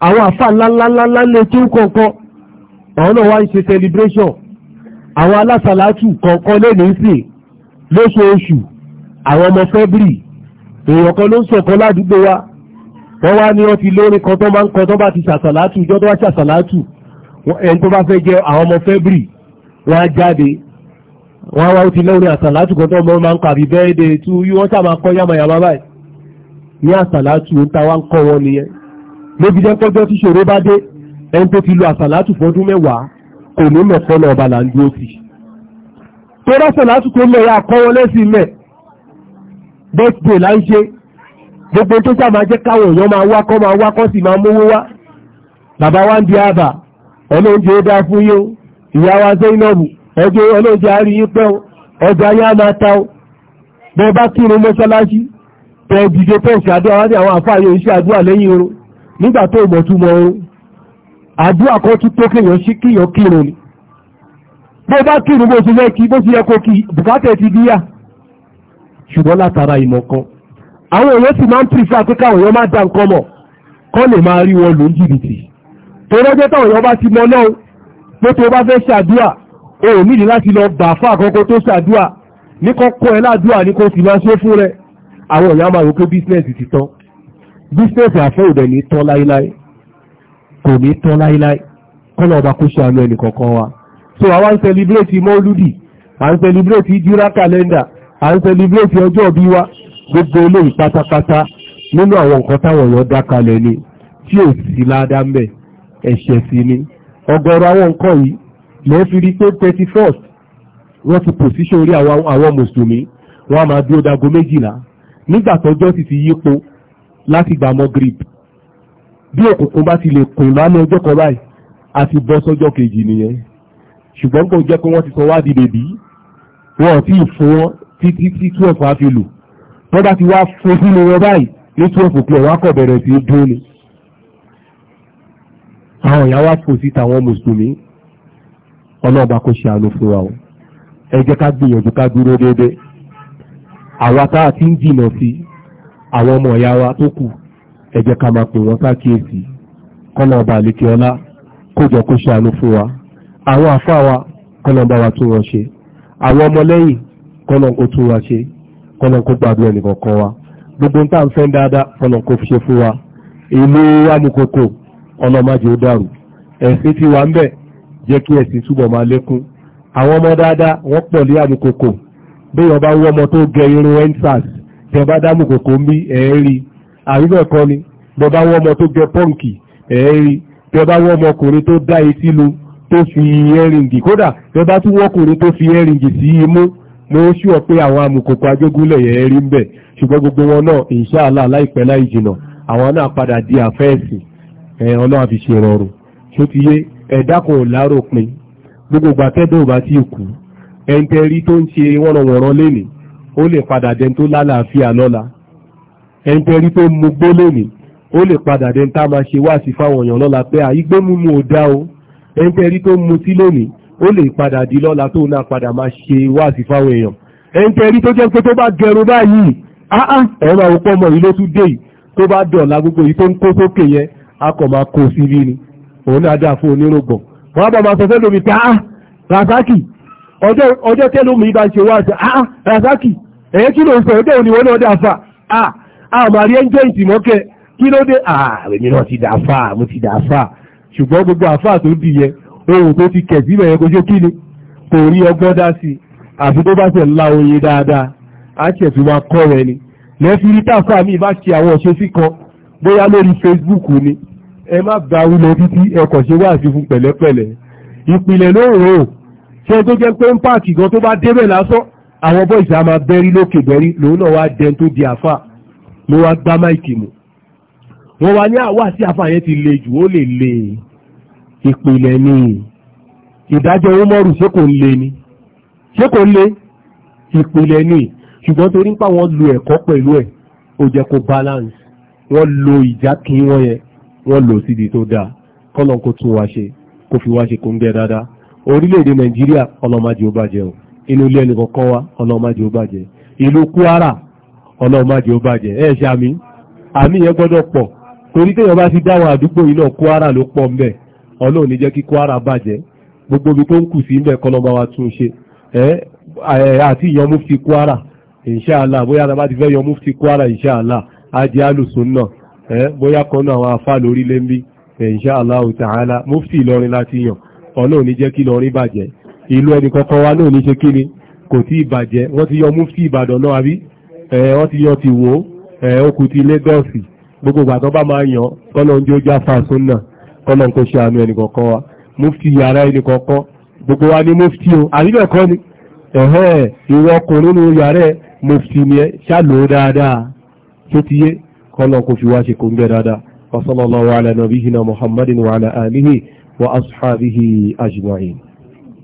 àwọn àfà ńláńláńlá lè tí ó kọ̀ọ̀kan àwọn náà wá ń ṣe celebration àwọn alásàlátù kọ̀ọ̀kan lè ní sí lóṣooṣù àwọn ọmọ february èèyàn kan ló ń sọ̀kan ládùúgbò wa wọ́n wá ní wọ́n ti lórin kan tó máa ń kan tó bá ti ṣàṣàlátù ìjọ tó bá ṣàṣàlátù ẹni tó bá fẹ́ jẹ àwọn ọmọ february wọ́n á jáde wọ́n á wá ó ti lórin àṣàlátù kan tó máa ń kàbí bẹ́ẹ̀ de tú yí wọ́n sá máa kọ́ yàmàyàmà báyìí ní àsàlátù ń ta wá ń kọ́ wọn nìyẹn lóbi jẹ́ pọ́jọ́ tí ṣòro bá dé ẹni tó ti lo àsàlátù fọdún mẹ́wàá kò ní mẹ̀kọ́ náà ọba là ń dúró sí tó rásàlátù tó mẹ́ra kọ́ wọn lẹ́sìn mẹ́ bẹ́tìdè là ń ṣe gbogbo tó sá máa jẹ́ káwọn èèyàn máa wá máa wá sì máa mówó wá bàbá wa ń di àbà ọlọ́njẹ ó dáa fún yóò ìyá wa Zainabu ọjọ́ ọlọ́njẹ á rí yín pẹ́ ọjà máa ta ọ bẹ́ẹ̀ bá kírun mọ́ṣáláṣí tẹ dìde fẹ́ǹsì àdúrà wá ní àwọn àfáàyè iṣẹ́ àdúrà lẹ́yìn oorun nígbà tó mọ̀ tún mọ oorun àdúrà kan tún tó kéèyàn sí kéèyàn kírun ni bó bá kírun bó ti lẹ́kí bó ti yẹ kó kí bùkátẹ̀ ti díyà ṣùgbọ́n látara ìmọ̀ kan àwọn èèyàn sì máa ń pìfà pé káwọn èèyàn má dá nǹkan mọ̀ kọ́ lè máa rí wọn lò ń jìbìtì tó rọ́jọ́ táwọn èèyàn bá ti mọ náà pé tó bá fẹ́ ṣàdúrà o ò nídìí láti lọ gbà fún àkọ́kọ́ tó ṣàdúrà ní kọ́kọ́ ẹ ládùúrà àwọn èèyàn máa rò pé bísínẹ́sì ti tán bísínẹ́sì àfẹ́ òdẹ̀ ní tán láíláí kò ní tán láíláí kọ́nà ọba kó ṣe àánú ẹnì kọ̀ọ̀kan wa so àwa ń sẹlibrétì mọ́lúdì à ń sẹlibrétì jíra kàlẹ́ndà à ń sẹlibrétì ọjọ́ bí wa gbogbo eléyìí pátápátá nínú àwọn nǹkan táwọn èèyàn dá kalẹ̀ ni tí ò sí ládàá mbẹ̀ ẹ̀ṣẹ̀ sí ni ọ̀gọ̀rọ̀ àwọn nǹkan yìí lọ́ọ́ fi rí pé thirty first wọ́n ti pòsíṣọ́ orí àwọn mùsùlùmí wọ́n á máa dúró dago méjìlá nígbà tọ́jọ́ sì ti yípo láti gbà mọ́ grip bí òkùnkùn bá ti lè kùn lálẹ́ ọjọ́ kan báyìí àti bọ́ sọ́jọ́ kejì nìyẹn ṣùgbọ́n kò jẹ́ pé wọ́n ti sọ wá di bèbí wọn ti fún wọn títí tí twelve á fi lò wọ́n bá ti wá fún sínú wọn báyìí ní twelve o'clock wọn kọ̀ bẹ̀rẹ̀ sí dún ni àwọn ìyá wa fò síta àwọn mùsùlùmí ọlọ́ọ̀bá kò ṣe àánú fún wa o ẹ jẹ́ ká gbìyànjú ká dúró déédéé. àwa tá a ti ń jìnà sí àwọn ọmọ ìyá wa tó kù ẹ ká máa pè ọba ọlá kójọ kó fún wa àwọn àfáà wa kọ́nà ọba wa tún wọn ṣe àwọn ọmọlẹ́yìn kọ́nà kó tún wa ṣe kọ́nà kó gbàdúrà wa gbogbo ń fẹ́ dáadáa kọ́nà fi ṣe fún wa ìlú amukoko ọlọ́mọdé ó dàrú ẹ̀sìn tí wà ń bẹ̀ jẹ́ kí ọmọ dáadáa wọ́n pọ̀ bẹ́ẹ̀ ọba wú ọmọ tó gẹ irun endsars tẹ bá dámù kòkó ń bí ẹ̀ẹ́rí àríwẹ̀ kan ni bẹ bá wú ọmọ tó gẹ pọ́ǹkì ẹ̀ẹ́rí tẹ bá wú ọmọkùnrin tó dá etí lu tó fi ẹ́rìngì kódà tẹ bá tún wọ́kùnrin tó fi ẹ́rìngì sí imú ni ó pé àwọn amùkòkò ń bẹ̀ ṣùgbọ́n gbogbo wọn náà láìpẹ́ láì jìnà di àfẹ́ẹ̀sì ẹ̀ tí ẹ̀ǹtẹ̀rí tó ń ṣe wọ́nrọ̀wọ̀nrọ̀ lénìí ó lè padà dẹni tó lálàáfíà lọ́la ẹ̀ǹtẹ̀rí tó mú gbó lénìí ó lè padà dẹni tá a máa ṣe wáàsí fáwọn èèyàn lọ́la pé àyígbé mímú ò dá o ẹ̀ǹtẹ̀rí tó mú sí lónìí ó lè padà di lọ́la tó náà padà máa ṣe wáàsí fáwọn èèyàn ẹ̀ǹtẹ̀rí tó jẹ́ pé tó bá gẹrun báyìí áá ẹ̀rọ àwọn pọ́mọ yìí ló tún dé yìí tó bá dọ̀la gbogbo rasaki ọjọ́ tẹ́lú mi bá ṣe wá ṣe àá ah, ah, rasaki ẹ̀yẹ́ kí ló ń sọ ọjọ́ òní wọ́n náà dà fà à ah, àmàrí ẹjọ́ ìtìmọ́kẹ́ kí ló dé ààrẹ mi náà ti dà fà mo ti dà fà ṣùgbọ́n gbogbo àfà tó di yẹ ohun tó ti kẹ̀sí bẹ̀rẹ̀ kojú kí ni kò rí ọgbọ́n dá sí àfi tó bá ṣe ńlá oye dáadáa á ṣẹ̀ tó máa kọ́ rẹ ni lẹ́fi rí tàfà mi bá ṣe àwọn ọ̀ṣẹ́ sí kan bóyá lórí Facebook ni ẹ má gba wúlọ títí ẹ kọ̀ ṣe wá àti fún pẹ̀lẹ́pẹ̀lẹ́ ìpìlẹ̀ lóòrò tẹ́ tó jẹ́ pé ń páàkì gan tó bá débẹ̀ lásán àwọn bọ́ìsì a máa bẹ́rí lókè bẹ́rí lòun náà wá dẹn tó di àfà ló wá gbá máìkì mù wọ́n wá ní àwa sí àfà yẹn ti le jù ó lè le ìpìlẹ̀ ni ìdájọ́ owó mọ́rù ṣé kò ń le ni ṣé kò ń le ìpìlẹ̀ ni ṣùgbọ́n torí pa wọ́n lo ẹ̀kọ́ pẹ̀lú ẹ̀ ó jẹ́ kó balance wọ́n lo ìjà kí wọ́n yẹ wọ́n lò síbi tó dáa kọ́lọ́n kó tún wá ṣe kó fi wá ṣe kó ń gẹ́ dáadáa. orílẹ̀-èdè nàìjíríà ọlọ́mọdé ó bàjẹ́ o inú ilé ẹnì kọ̀ọ̀kan wa ọlọ́mọdé ó bàjẹ́ ìlú kwara ọlọ́mọdé ó bàjẹ́ ẹ̀ ṣe àmì àmì yẹn gbọ́dọ̀ pọ̀ torí téèyàn bá ti dáwọn àdúgbò yìí kwara ló pọ̀ ń bẹ̀ ọlọ́run ní jẹ́ kí kwara bàjẹ́ gbogbo ibi tó ń kù sí ń bẹ̀ kọ́lọ́mọ wa tún ṣe ẹ àti ìyọmú fi kwara inshallah bóyá tá bá ti fẹ́ yọmú mufti kwara inshallah ajé alùsùn náà ẹ bóyá kan náà àwọn afá lórílẹ̀ ń bí inshallah ta'ala mufti ìlọrin láti yàn ọlọ́run ní jẹ́ kí lọ rí bàjẹ́ ìlú ẹni kọ̀ọ̀kan wa náà ní ṣe kí ni kò tí wọ́n ti yọ mufti ìbàdàn náà àbí wọ́n ti yọ ti wò ti gbogbo ìgbà tó bá máa yàn kọ́lọ́n jó já náà kọ́lọ́n kò ṣe mufti yàrá ẹni gbogbo wa mufti o ni ìwọ ọkùnrin nínú yàrá mufti ni ẹ ṣàlò dáadáa tó ti yé kọ́lọ́n kò fi wá ṣe dáadáa wa wa ashabihi ajma'in